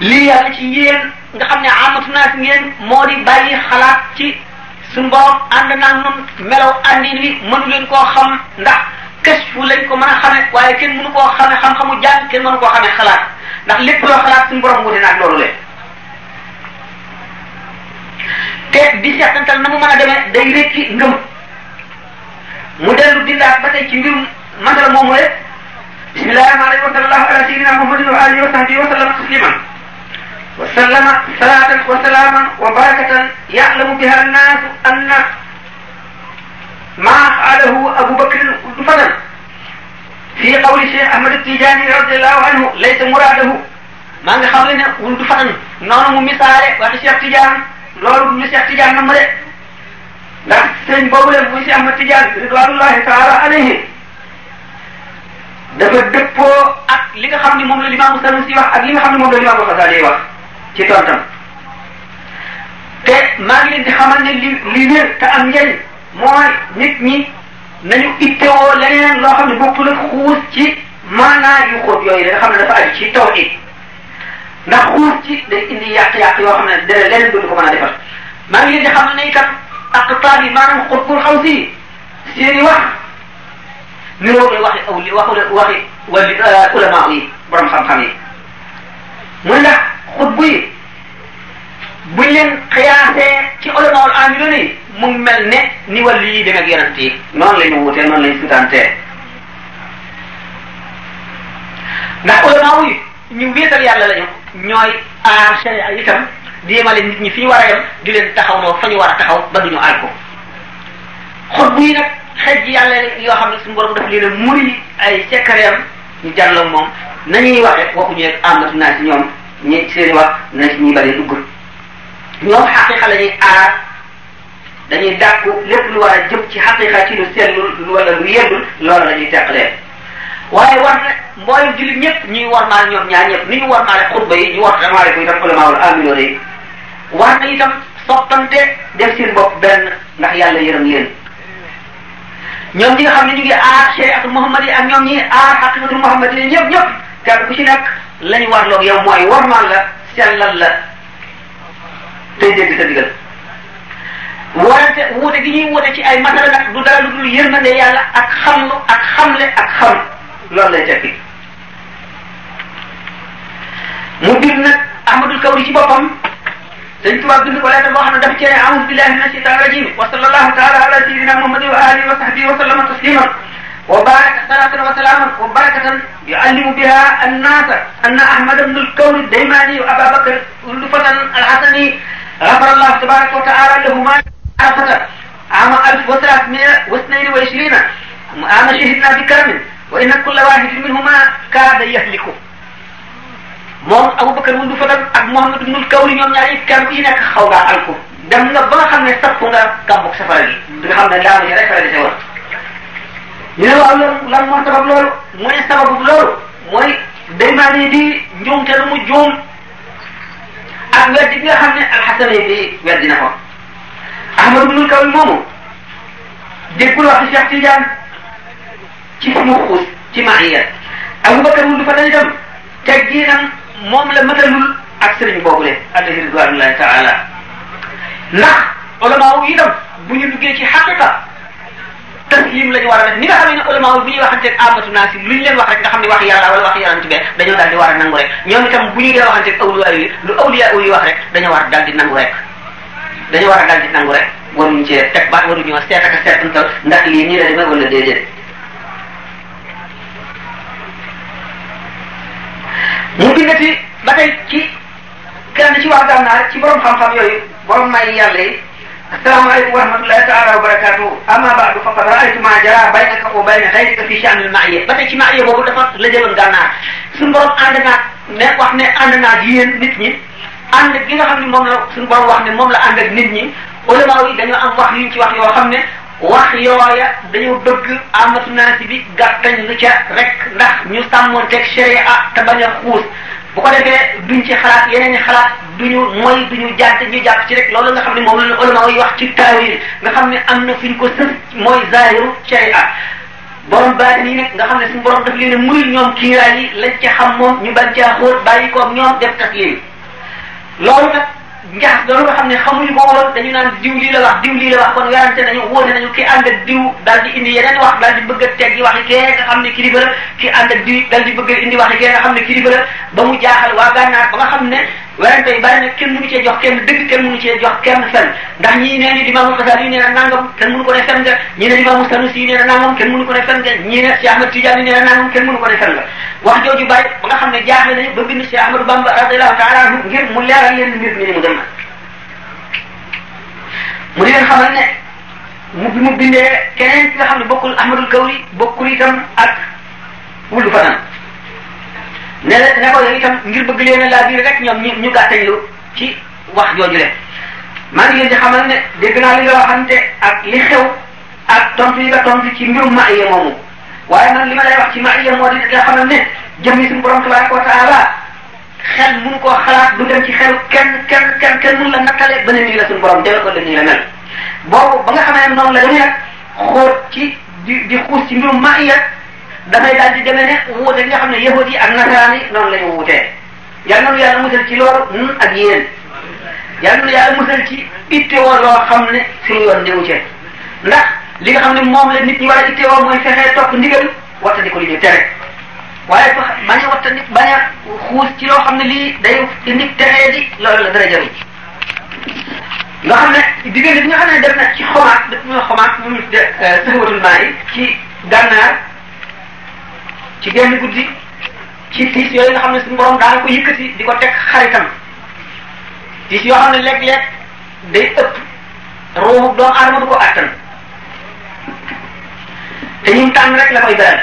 lii yàlla ci yéen nga xam ne amatu naa si ngeen moo di bàyyi xalaat ci su mboom ànd naa nun melaw àndin wi mënu leen koo xam ndax kasfu lañ ko mën a xamee waaye kenn mënu koo xamee xam-xamu jàng kenn mënu koo xamee xalaat ndax lépp loo xalaat suñu borom wuti naag loolu le te di seqantal na mu mën a demee day rékki ngëm mu dellu dindaat ba tey ci mbirum mandala moomu rek bismillahi rahmani rahim wa sallallahu ala sayyidina muhammadin wa alihi wa sahbihi wa sallama tasliman wa sallama salaatan wa salaaman wa barakatan ya'lamu biha annaasu anna maa faalahu Abu Bakr du fanal fii qawli Cheikh Ahmad Tijaani radiyallahu anhu laysa muraadahu maa nga xam le ne wun du fanan noonu mu misaale waxi Cheikh Tidiane loolu ñu Cheikh Tidiane na mu de ndax sëñ boobu leen muy Cheikh Ahmad Tidiane ridwanullahi taala alayhi dafa dëppoo ak li nga xam ne moom la Limaamu Sanusi wax ak li nga xam ne moom la Limaamu Xasaali wax ci tontam te maa ngi leen di xamal ne li li wér te am njëriñ mooy nit ñi nañu ittewoo leneen loo xam ne bokkul ak xuus ci maanaa yu xóot yooyu da xam ne dafa aju ci tawhid ndax xuus ci day indi yàq-yàq yoo xam ne dana leneen dootu ko mën a defar maa ngi leen di xamal ne itam ak taal yi maanaam xutbul ka si seeni wax niroo koy waxi aw li waxu waxi wala euh, ulamaa yi borom xam-xam yi mu ne ndax xutbu yi buñ leen xiyaasee ci olomawul amilona mu mel ne ni wàllu yi demee ak yonent yi noonu la ñu wutee noonu la ñu sutantee yàlla lañu ñooy aar sharia itam di yemale nit ñi fi ñu war a yem di leen taxaw noo fa ñu war a taxaw ba duñu àl ko xot buy nag xej ji yàlla yoo xam ne suñu borom daf leen a muri ay cekkareem ñu jàlloo moom nañuy waxe waxuñu ak amatu naa si ñoom ñi seeni wax na si ñuy bari dugg ñoom xaqiqa la ñuy aar dañuy dàkku lépp lu war a ci xaqiqa ci lu sellul wala lu yeddul loolu la ñuy teqalee waaye war na mboolem jullit ñëpp ñuy warmaal ñoom ñaar ñëpp ni ñu warmaale xutba yi ñu war damaale ko itam ulamaawul aminoore yi war na itam soppante def seen bopp benn ndax yàlla yërëm leen ñoom ñi nga xam ne ñu ngi aar chériatul Muhammad yi ak ñoom ñi aar xaqiqatul Muhammad yi ñëpp ñëpp kenn ku ci nekk la ñu warloog yow mooy warmaal la sellal la tey dégg sa digal warante wuute gi ñuy wuute ci ay matala nag du dara lu dul yërmande yàlla ak xamlu ak xamle ak xam loolu lay tekki mu bind nag ahmadul kawri ci boppam dañ tubaab bind ko lettre boo xam ne dafa cee ne aoudu billahi min ashaitan rajim wa sallallahu taala ala sayidina muhammadin wa alihi wa sahbihi wa sallama tasliman wa baraka salatan wa salaman wa barakatan yuallimu biha annaasa anna ahmada bnu lkawri daymani wa aba bakr uldu fatan alhasani غفر الله تبارك وتعالى لهما عرفة عام 1322 عام شهدنا بكرم وإن كل واحد منهما كاد يهلكه moom Aboubacar wundu Fadal ak Mouhamad ibnul Kawli ñoom ñaar it kenn ku ci nekk xaw ngaa alku dem nga ba nga xam ne sàpp nga kàmbug safara bi. nga xam ne daanu ci rek la dese woon. ñu ne waaw loolu lan moo sabab loolu mu ne sababu loolu mooy day maa ne di njuumte lu mu juum ak weddi bi nga xam ne alxasanay bi weddi na ko ahmad ibnul kawi moomu déggul wax ci Cheikh Tidiane ci suñu xuus ci maaya abubakar wundu fa dañu dem tegginam moom la matalul ak sëriñ boobule alayhi ridwanullahi taala ndax ulama yi dem bu ñu duggee ci xaqiqa taslim la ñu war a def ni nga xam ne ulama bu ñuy waxanteeg amatu naa si lu ñu leen wax rek nga xam ne wax yàlla wala wax yonent bi dañoo daal di war a nangu rek ñoom itam bu ñu dee waxanteeg awliya yi lu awliya yi wax rek dañoo war a daal di nangu rek dañoo war a daal di nangu rek waruñu ci teg baat waruñoo seet ak seetantal ndax lii nii la demee wala déedéet mu bindati ba tey ci kenn ci ci borom xam-xam yooyu borom may yàlla asalaamaaleykum wa rahmatulahi taala wa barakaatu amma baadu faqad raaytu maa jara baynaka wa bayna xayrika fi shan al maaya ba tey ci maaya boobu dafa la jëloon gànnaar suñu borom ànd naag ne wax ne ànd naag yéen nit ñi ànd gi nga xam ne moom la suñu borom wax ne moom la ànd ak nit ñi ulama yi dañoo am wax yuñ ci wax yoo xam ne wax yooya dañoo bëgg amatu naasi bi gàttañ lu ca rek ndax ñu sàmmoon teg sharia te bañ a xuus bu ko defee duñ ci xalaat yeneen i xalaat duñu mooy duñu jànt ñu jàpp ci rek loolu nga xam ne moom la ulama yi wax ci taawil nga xam ne am na fuñ ko sëf mooy zahiru sharia borom baat nii nag nga xam ne suñu borom daf leen a muril ñoom kiiraay yi lañ ca xam moom ñu bañ caa xóot bàyyi koog ñoom def kat yéen njax loolu nga xam ne xamuñu ko woon dañu naan diw lii la wax diw lii la wax kon werante nañu wóone nañu ki ànd ak diw daal di indi yeneen wax daal di bëgg a teggi waxi kee nga xam ne kilifa la ki ànd ak diw daal di bëgg a indi waxi kee nga xam ne kilifa la ba mu jaaxal waa gànnaar ba nga xam ne werante yi bari na kenn mënu cee jox kenn dëgg kenn mënu cee jox kenn fen ndax ñii nee ni Imaamul Xasaali yi nee na nangam kenn mënu ko ne fen nga ñii ne Imaamul Sanusi yi nee na nangam kenn mënu ko ne fen nga ñii ne Cheikh Ahmed Tidiane yi nee na nangam kenn mënu ko ne fen nga wax jooju bari ba nga xam ne jaaxle nañu ba bind Cheikh Ahmadou Bamba radiyallahu taala anhu ngir mu leeral leen mbir mi ni mu gën a mu di leen xamal ne mu bi mu bindee keneen ki nga xam ne bokkul Ahmadul Kawri bokkul itam ak wulu fanaan ne la ne ko yow itam ngir bëgg leen a laa biir rek ñoom ñu ñu gàttañ lu ci wax jooju leen maa ngi leen di xamal ne dégg naa li nga waxante ak li xew ak tontu yi nga tontu ci mbirum ma'iya moomu waaye man li ma lay wax ci ma'iya moo di nga xamal ne jëmmi suñu borom tabaraka wa taala xel mënu koo xalaat du dem ci xel kenn kenn kenn kenn mënu la nattale ba ne nii la suñu borom demee ko la nii la mel boobu ba nga xamee noonu la demee nag ci di di xuus ci mbirum ma'iya dafay daal di demee ne wuute li nga xam ne yahudi ak nasaraan yi noonu la ñu wuutee yal na nu yàlla ci loolu nun ak yéen yal na nu yàlla musal ci ittewoo loo xam ne suñu yoon di wuute ndax li nga xam ne moom la nit ñi war a ittewoo mooy fexee topp ndigal watta di ko li ñu tere waaye fa bañ a xuus ci loo xam ne lii day indi teree di loolu la dara jëriñ nga xam ne diggante bi nga xam ne def na ci xomaat def ñoo xomaat moom de euh, sëxwatul maa yi ci gànnaar ci genn guddi ci tiis yooyu nga xam ne suñu borom daana ko yëkkati di ko teg xaritam tiis yoo xam ne léeg-léeg day ëpp ruuxu doomu aadama du ko attan te ñun tànn rek la koy beral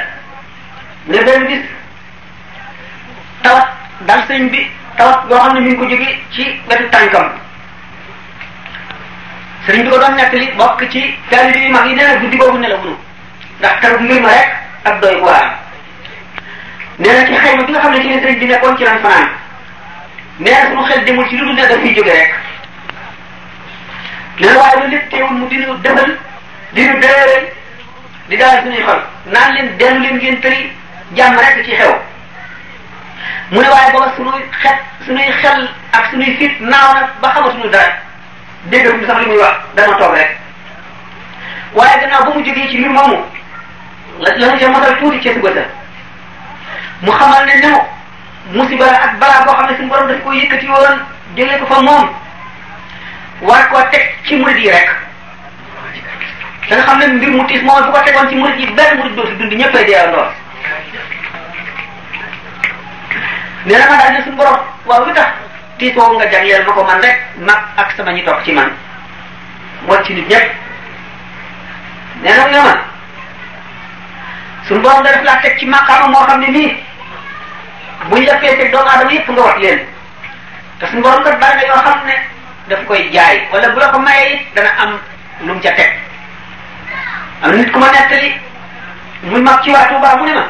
ne benn bis tawat dal sëñ bi tawat yoo xam ne mi ko jóge ci wetu tànkam sëriñ bi ko doon nekk bokk ci taalibe yi mag yi nee na guddi googu nelawul ndax taru mbir ma rek ak doy bu waaram nee na ci xayma bi nga xam ne ci la sëriñ bi nekkoon ci lan fanaan nee na suñu xel demul ci lu dul ne dafay jóge rek nee waaye lu lépp teewul mu dinu defal dinu dëral di daal suñuy xol naan leen dellu leen ngeen tëri jàmm rek ci xew mu ne waaye booba suñuy xet suñuy xel ak suñuy fit naaw na ba xamatuñu dara déggatuñu sax li muy wax dama toog rek waaye gannaaw bu mu jógee ci mbir moomu la la ñu ca mosal tuuti ca suba mu xamal ne new musiba la ak balaa boo xam ne suñu borom daf ko yëkkati woon jëlee ko fa moom war koo teg ci murid yi rek da nga xam ne mbir mu tiis moom bu ko tegoon ci murid yi benn murid dootu dund ñëpp lay jeexal lool. nee na ma daal ne suñu borom waaw tiis woowu nga jagleel ma ko man rek mag ak sama ñi toog ci man wàcc nit ñëpp nga man suñu borom nga def laa teg ci maqaama moo xam ne buñ la peesee doomu aadama yëpp nga wax leen te suñu borom kat bari na xam ne daf koy jaay wala bu la ko mayee it dana am lu mu ca teg am na ku ma nettali muy mag ci waa Touba mu ne ma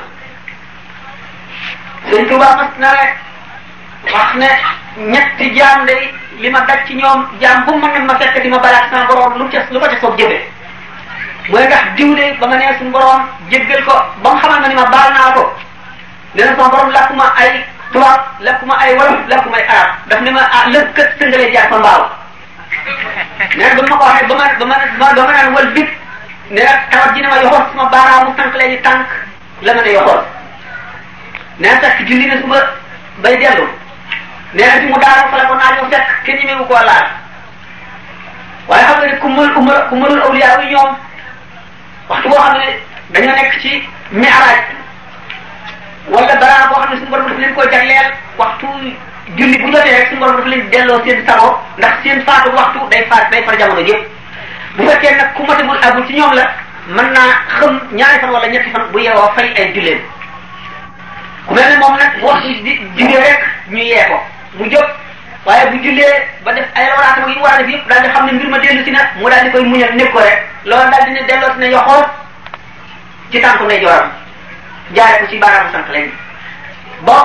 sëñ Touba mas na rek wax ne ñetti jaam day li ma daj ci ñoom jaam bu mu ma fekk di ma balaat sama borom lu mu ca lu ko ca soog jëfee mooy tax diw de ba ma nee suñu borom ko ba mu ma ni ma baal ko. nee na sama la làkk ma ay tubaab làkk ma ay wolof làkk ma ay arab daf ne ma ah lépp kat sëngale jaar na ba ma ko waxee ba ma ba ma ba ma naan wal bit nee na tawat ji ne ma yoxoor sama baaraamu tànk la ñu tànk ma ne yoxoor nee na sax julli na suba bay dellu nee na fi mu daara fa la ko naajoo fekk kenn ñi mewu koo laal waaye xam ku mën ku mën ku mënul awliyaa yi ñoom waxtu boo xam ne dañoo nekk ci mi'raaj wala dara boo xam ne suñu borom daf leen koy jagleel waxtu julli bu jotee rek suñu borom daf leen delloo seen sago ndax seen faatu waxtu day faat day far jamono yëpp bu fekkee nag ku matagul agul ci ñoom la mën naa xam ñaari fan wala ñetti fan bu yeewoo fay ay julleen ku mel ne moom nag bu waxtu di jullee rek ñu yee ko mu jóg waaye bu jullee ba def ay rawatina yu war a def yëpp daal xam ne mbir ma dellu si na moo daal di koy muñal nekk ko rek loolu daal di ne delloo jaare ko ci baaraamu sànq lañ ba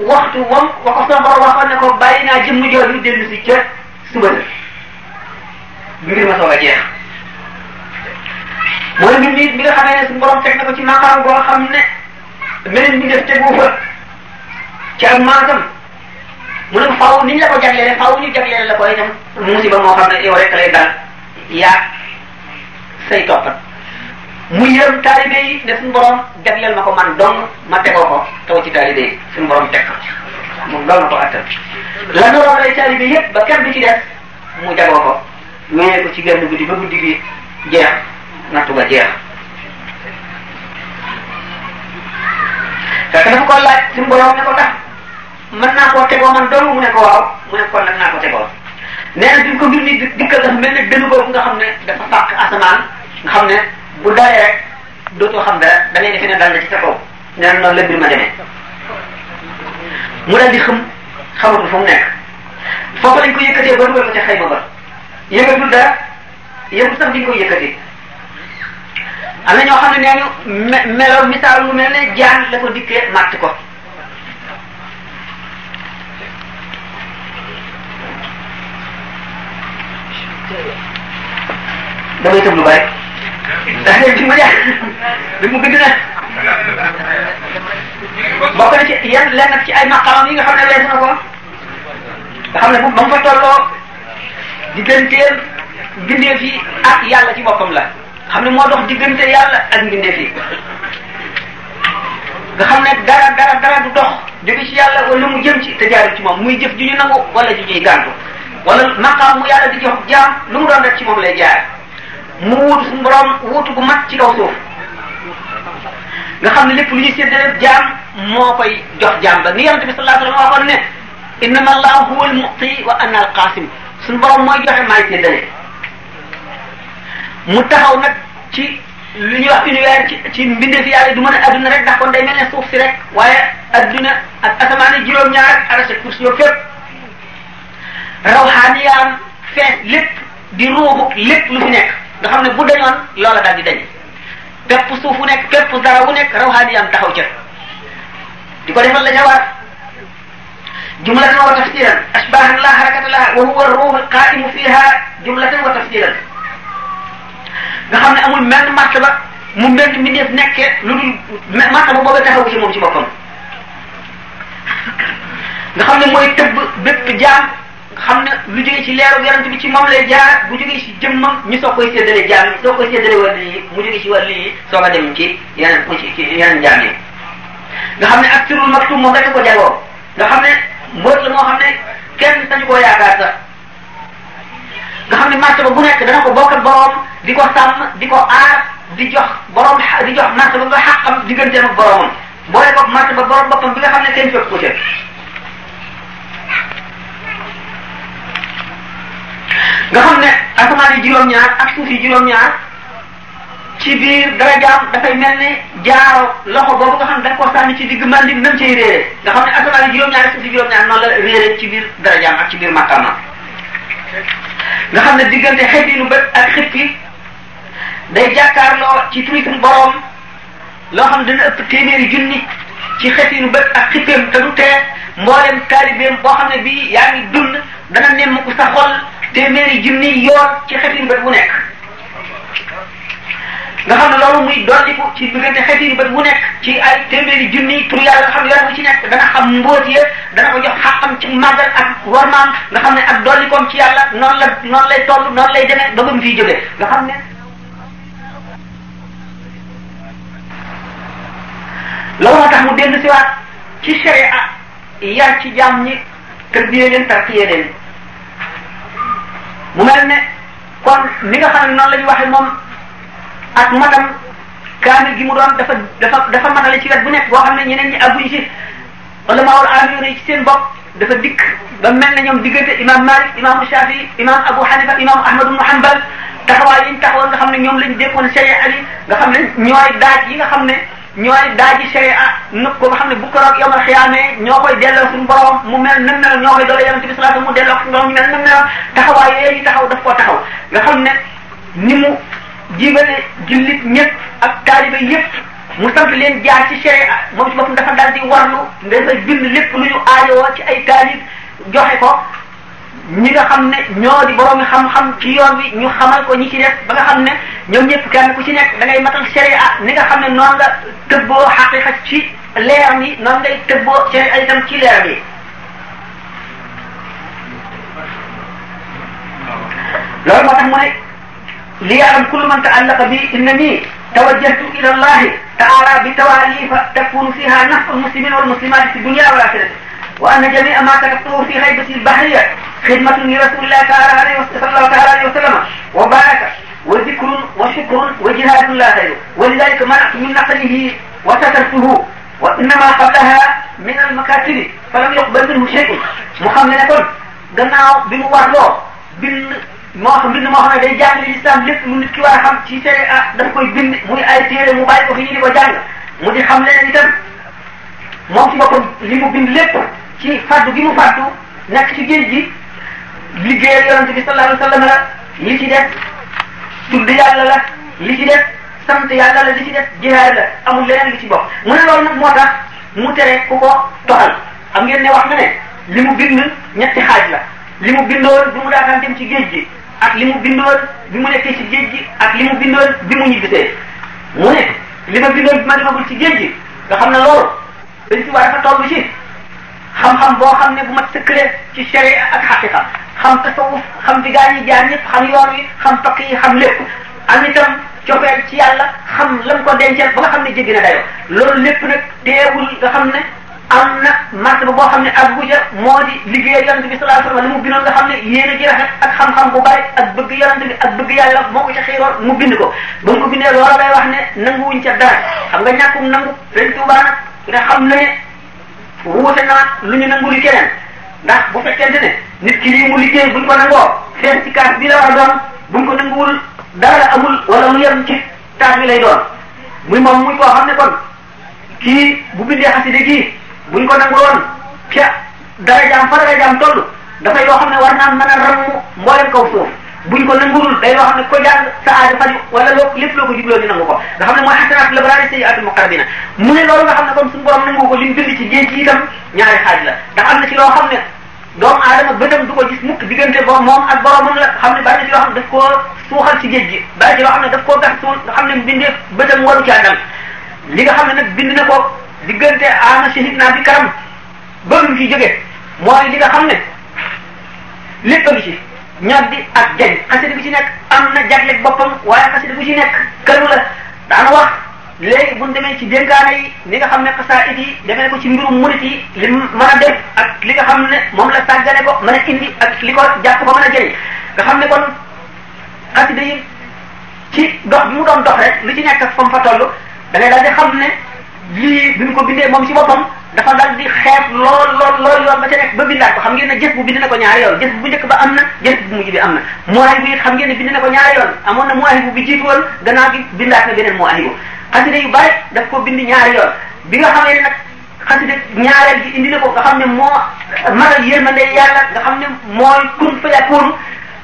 waxtu wam wax sama borom waxoon ne ko bàyyi naa jëmm jooju dellu si ca suba la mbir ma soog a jeex mooy mi mi nga xamee ne suñu borom na ko ci maqaam boo xam ne meneen bi def tegu fa ci ak maatam mu ne faaw ni la ko jagleele faaw ñu jagleele la koy dem musiba moo xam ne yow rek lay dal yaa say toppat mu yërëm taalibe yi ne suñu borom jagleel ma ko man doon ma tegoo ko te ci taalibe yi suñu teg ko moom loolu na ko attan la noroon ay yépp ba kenn bi ci des mu jagoo ko wéyee ko ci genn guddi ba guddi gi jeex nattu ba jeex fekk dafa ko laaj suñu borom ne ko tax mën naa koo tegoo man dong mu ne ko waaw mu ne kon nag naa ko tegoo nee na bi ko mbir mi dikkal dafa mel ne dënnu boobu nga xam ne dafa fàq asamaan nga xam ne bu dalee rek dootoo xam dara da ngay defe ne dal na ci sa kaw nee na noonu la mbir ma demee mu dal di xam xamatul fu mu nekk foofu lañ ko yëkkatee ba dugal ko ca xayma ba yëngatul dara yëngu sax diñ ko yëkkatee am na ñoo xam ne nee nañu melo misaal lu mel ne jaan la ko dikkee màtt ko damay tëb lu bari ndax yéen ci mu jeex li mu gëdd nag bokk ci yan lenn ci ay maqaamam yi nga xam ne na ko nga xam ne bu ma mu fa tolloo digganteem mbindeef yi ak yàlla ci boppam la xam ne moo dox diggante yàlla ak mbindeef yi nga xam ne dara dara dara dox jóge ci yàlla wala mu jëm ci te jaarul ci moom muy jëf ju ñu nangu wala ju ñuy gàntu wala maqaam mu yàlla di jox jaam lu mu doon rek ci moom lay jaar mu wuutu suñu borom wuutu gu mat ci kaw suuf nga xam ne lépp lu ñuy séddale jaam moo koy jox jaam ba ni yonent bi sallallahu alayhi wa sallam waxoon ne innama allah huwa almuqti wa ana alqasim suñu borom mooy joxe maay séddale mu taxaw nag ci lu ñuy wax univers ci ci mbindeef yàlla du mën a adduna rek ndax kon day mel ne suuf si rek waaye adduna ak asamaan yi juróom-ñaar ak arasa kursi yoo fépp rawxaaniyaam fees lépp di ruubu lépp lu fi nekk nga xam ne bu dañoon loola daal di dañ bépp suuf wu nekk bépp dara wu nekk rawxaaniyam taxaw ca di ko defal la ñu war jumlatan wa tafsilan ashbahan la harakata laha wa huwa ruhu alqaimu fiha jumlatan wa tafsilan nga xam ne amul menn martaba mu mbént mbindeef nekkee lu ma martaba booba taxawu ci moom ci boppam ne mooy tëbb bépp jaam xam ne lu jógee ci leeru yonent bi ci moom lay jaar bu jógee ci jëmmam ñu soo koy séddale jaam yi soo koy séddale wàll yi mu jógee ci wàll yi soo ko dem ci yeneen ci yeneen jaam nga xam ne ak sirul maktum moom rek ko jagoo nga xam ne mbóot la moo xam ne kenn sañu ko yaakaar sax nga xam ne martaba bu nekk dana ko bokk ak boroom di ko sàmm di ko aar di jox boroom di jox martaba ba xàqam digganteem ak boroomam boole ko martaba boroom boppam bi nga xam ne kenn ko nga xam ne asamaan yi juróom-ñaar ak suuf yi juróom-ñaar ci biir darajaam dafay mel ne jaaro loxo boobu nga xam ne dañ ko sànni ci digg màndik nam cay réere nga xam ne asamaan yi juróom-ñaar ak la réere ci biir darajaam ak ci biir màkkaamam nga xam ne diggante xet yi nu bët ak xet yi day jàkkaarloo ci turu boroom loo xam ne dana ëpp ci xet yi nu bët ak xippeem te du tee mboolem taalibeem boo xam ne bii yaa ngi dund dana nemm ko sa téeméeri junni yoon ci xetin bët bu nekk nga xam ne loolu muy dolliku ci diggante xetin bët bu nekk ci ay téeméeri junni tur yàlla nga xam ne ci nekk dana xam mbóot ya dana ko ci màggal ak warmaam nga xam ne ak dollikoom ci yàlla noonu la noonu lay toll noonu lay demee ba mu fiy jógee nga xam ne loolu moo tax mu dellu siwaat ci sharia yar ci jaam ñi tërbiyee leen tarkiyee leen mu mel ne kon ni nga xam ne noonu la ñu waxee moom ak matam kaamil gi mu doon dafa dafa dafa matale ci wet bu nekk boo xam ne ñeneen ñi àgguñu ci wala maawul amiyoon yi ci seen bopp dafa dikk ba mel ne ñoom diggante imam Malik imam Shafi imam Abu Hanifa imam Ahmad ibn Hanbal taxawaay yi tax taxawal nga xam ne ñoom lañ déggoon sharia yi ga xam ne ñooy daaj yi nga xam ne ñooy daaji sharia nëpp ko nga xam ne bu ko roog yomal xiyaamee ñoo koy delloo suñu borom mu mel nam mel ñoo koy doole yonente bi salaatu mu delloo suñu borom ñu mel nam mel taxawaay yooyu taxaw daf koo taxaw nga xam ne ni mu jibale jullit ñëpp ak taaliba yëpp mu sant leen jaar ci sharia moom ci boppam dafa daal di warlu nda bind lépp lu ñu aajowoo ci ay taalib joxe ko ñi nga xam ne ñoo di borom xam-xam ci yoon wi ñu xamal ko ñi ci def ba nga xam ne ñoom ñëpp kenn ku ci nekk da ngay matal sharia ni nga xam ne noonu nga tëbboo xaqiqa ci leer ni noonu ngay tëbboo sharia itam ci leer bi loolu moo tax mu ne li yaalam kullu man taallaqa bi inna nii tawajjahtu ila allahi taala bi tawalifa takunu fiha naf'u muslimin wal muslimat fi dunya wal akhirah وأن جميع ما كتبته في غيبة البحرية خدمة لرسول الله تعالى عليه صلى الله تعالى عليه وسلم وبركة وذكر وشكر وجهاد لا غير ولذلك منعت من نقله وسترته وإنما قبلها من المكاتب فلم يقبل منه شيء محملة gannaaw bi mu warloo bind moo xam bind moo xam ne day jàng lislaam lépp lu nit ki war a xam ci seen ah daf koy bind muy ay téere mu bàyyi ko fi ñu di ko jàng mu di xam leneen itam moom ci boppam li mu bind lépp ci faddu gi mu faddu nekk ci géej gi liggéeyal yonente bi sallallahu alayhi wa sallam li ci def tudd yàlla la li ci def sant yàlla la li ci def jihaar la amul leneen li ci bopp mu ne loolu nag moo tax mu tere ku ko toxal xam ngeen ne wax na ne li mu bind ñetti xaaj la li mu bindoon bi mu daataan dem ci géej gi ak li mu bindoon bi mu nekkee ci géej gi ak li mu bindoon bi mu ñibbisee mu ne li ma bindoon bi ma demagul ci géej gi nga xam ne loolu dañ ci a fa toll ci xam-xam boo xam ne bu mat sëkkale ci sharia ak xaqiqa xam tasawuf xam bi gaa ñi jaar ñëpp xam yoon wi xam pakk yi xam lépp am itam cofeel ci yàlla xam lan ko denceel ba nga xam ne jéggi na dayo loolu lépp nag teewul nga xam ne am na martaba boo xam ne ak guja moo di liggéey yonent bi sallallahu alayhi wasallam li mu bindoon nga xam ne yéene ji rafet ak xam-xam bu bari ak bëgg yonent bi moo ko ca xiiroon mu bind ko ba mu ko bindee loola lay wax ne nanguwuñ ca dara xam nga ñàkkum nangu ren tuubaa nag nga xam ne wuute naat lu ñu nangu li keneen ndax bu fekkente ne nit ki lii mu liggéey buñ ko nangoo seen ci kaas bi la war a doon ko nanguwul dara amul wala lu yem ci kaas bi lay doon mu moom muy koo xam ne kon kii bu bindee xaside kii buñ ko nangu woon ca dara jaam fa dara jaam toll dafay loo xam ne war naa mën a ramu mboolem kaw suuf buñ ko nanguwul day wax ne ko jàng sa aajo faju wala loo lépp loo ko jubloo nangu ko nga ne mooy xasanaat la baraari sayyi'aatul ko li mu ci géej gi itam ñaari xaaj la ndax am na ci loo xam ne doomu aadama bëtam du ko mukk diggante bo moom ak boromam la xam ne bari ci loo xam koo suuxal ci géej gi bari ci loo xam ne daf koo ne bindee bëtam waru caa li nga xam ne nag bind na ko diggante aama shahid naa bi karam ba mu fi jógee mooy li nga xam ne lépp a ngi ci ñoddi ak jañ xasida bu ci nekk am na jagleeg boppam waaye xasida bu ci nekk kënu la daana wax léegi bu demee ci dénkaane yi li nga xam ne xasaayid yi demee ko ci mbirum murit yi li mën a def ak li nga xam ne moom la sàggane ko mën a indi ak li ko jàpp ko mën a jëriñ nga xam ne kon xasida yi ci dox mu doon dox rek lu ci nekk ak fa fa toll da ngay daal di xam ne lii bi ñu ko bindee moom si boppam dafa dal di xeeb lool lool lool yoon ba ca nekk ba bindaat ko xam ngeen ne jëf bu bind na ko ñaari yoon bu njëkk ba am na jëf bu mujj bi am na mooy bi xam ngeen ne bind na ko ñaari yoon amoon na muwahibu bi jiitu woon gannaaw bi bindaat na beneen muwahibu yu bari daf ko bind ñaari bi nga xam ne nag xasida ñaareel bi indi na ko nga xam ne moo magal yërmande yàlla nga xam ne mooy kun fa yakun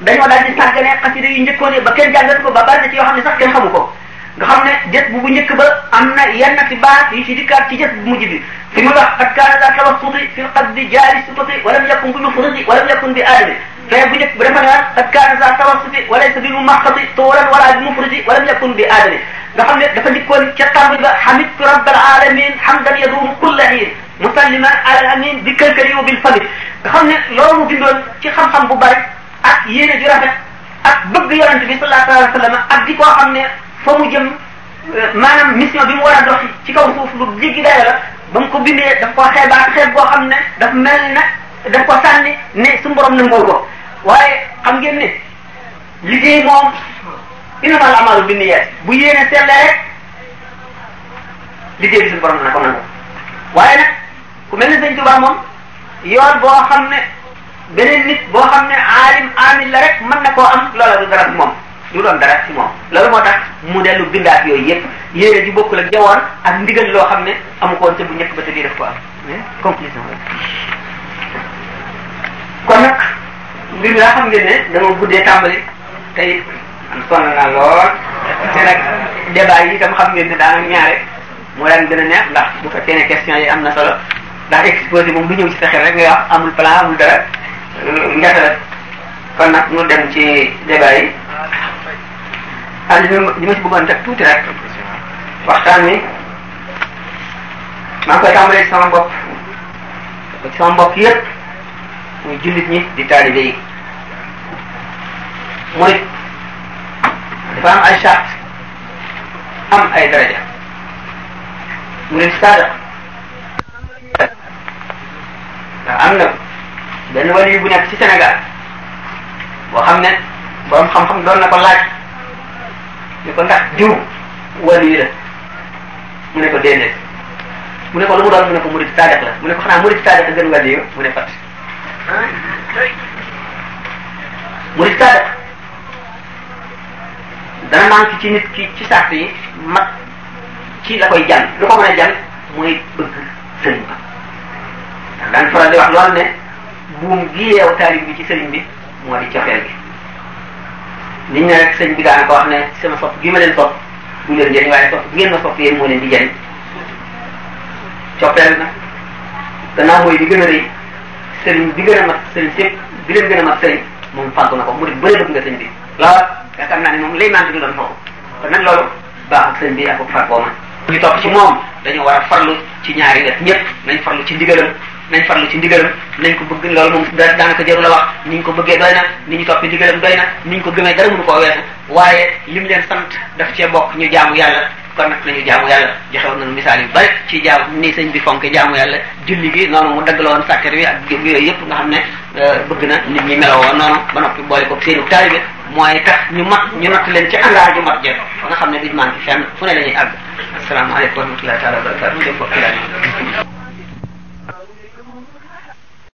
dañoo daal di sàggane xasida yu njëkkoon ba kenn jàngat ko ba bari na ci yoo xam ne sax kenn ko nga xam ne jës bu bu njëkk ba am na yenn ci baax yi ci dikkaat ci jës bu mujj bi fi mu wax qad kaana za tawassuti fi lqasdi jaari sibati walam yakun bi mufridi walam yakun bi aadami fee bu njëkk ba dafa naan qad kaana za tawassuti walaysa bi mumaxati tuulan wala bi mufridi walam yakun bi aadami nga xam ne dafa dikkoon ca tàmbali ba hamidtu rabbal alamin hamdan yaduumu kulla hiin musalliman ala amin bi kalkali wa bil fami nga xam ne loolu mu bindoon ci xam-xam bu bari ak yéene ju rafet ak bëgg yonente bi sallallahu alayhi wa sallam ak di koo xam ne fa mu jëm euh, maanaam mission bi mu war a dox ci kaw suuf lu jéggi dara la ba mu ko bindee daf ko xeebaat xeeb boo xam ne daf mel na daf ko sànni ne su borom nanguwul ko waaye xam ngeen ne liggéey moom innamal amalu binniyaat bu yéene seetlee rek liggéey bi suñu na ko nangu waaye nag ku mel ne sëñ Tuba moom yoon boo xam ne beneen nit boo xam ne aalim aamil la rek mën na koo am loola du dara moom mu doon dara ci moom loolu moo tax mu dellu bindaat yooyu yëpp yéene di bokk la jawoon ak ndigal loo xam ne amu ko woon te bu njëkk ba te def kon nag mbir mi xam ngeen ne dama guddee tàmbali tey sonn naa lool te xam ngeen ne daanaka ñaare moo daan gën neex ndax bu fekkee ne yi am na solo ndax exposé moom du ñëw ci rek nga amul plan amul dara nag mu dem ci débat yi ah li ma li ma ci bëggoon teg tuuti rek waxtaan wi maa ngi koy tàmbalee ci sama bopp ba ci sama mbokk yépp muy jullit ñi di taalibe yi murit am ay chart am ay daraja murit saada ndax am na benn wàll yu bu nekk ci Sénégal boo xam ne borom xam-xam doon na ko laaj ñu ko ndax jiw wàllu yi mu ne ko déedéet mu ne ko lu mu doon mu ne ko murid saadiq la mu ne ko xanaa murid saadiq a gën wàllu yi mu ne fat murid saadiq dana manqué ci nit ki ci sart yi mag ci la koy jàng lu ko mën a jàng mooy bëgg sëriñ ba ndax daan faral di wax loolu ne buum gi yeew taalib bi ci sëriñ bi moo di cofeel gi liñ ne rek sëñ bi daan ko wax ne sama fopp gi ma leen fopp du leen jëriñ waaye fopp bi ngeen ma fopp yéen di na gannaaw mooy bi gën a rëy sëriñ bi gën a mat sëriñ sépp bi leen gën a mat moom fàggu na ko mu di bëri bëgg nga sëñ bi loolu yaakaar naa ne moom lay naan du doon foofu kon nag loolu baaxul sëñ bi ak fàggoo ma ñu topp ci moom dañoo war a farlu ci ñaari def ñëpp nañ farlu ci ndigalam nañ farlu ci ndigalam nañ ko bëgg loolu moom daanaka jaru la wax ni ñu ko bëggee doy na ni ñu toppi ndigalam doy na ni ñu ko gëmee dara mënu koo weesu waaye lim leen sant daf cee bokk ñu jaamu yàlla kon nag nañu jaamu yàlla joxe woon misaal yu bari ci jaamu ni sëñ bi fonke jaamu yàlla julli gi noonu mu dagg la woon sàkkar bi ak yooyu yëpp nga xam ne euh, bëgg na nit ñi meloo woon noonu ba noppi boole ko seenu taalibe mooy tax ñu mat ñu natt leen ci angaar ju mat jëf ba nga xam ne duñ manqué fenn fu ne la ñuy àgg asalaamaaleykum wa rahmatullahi taala wa barakatu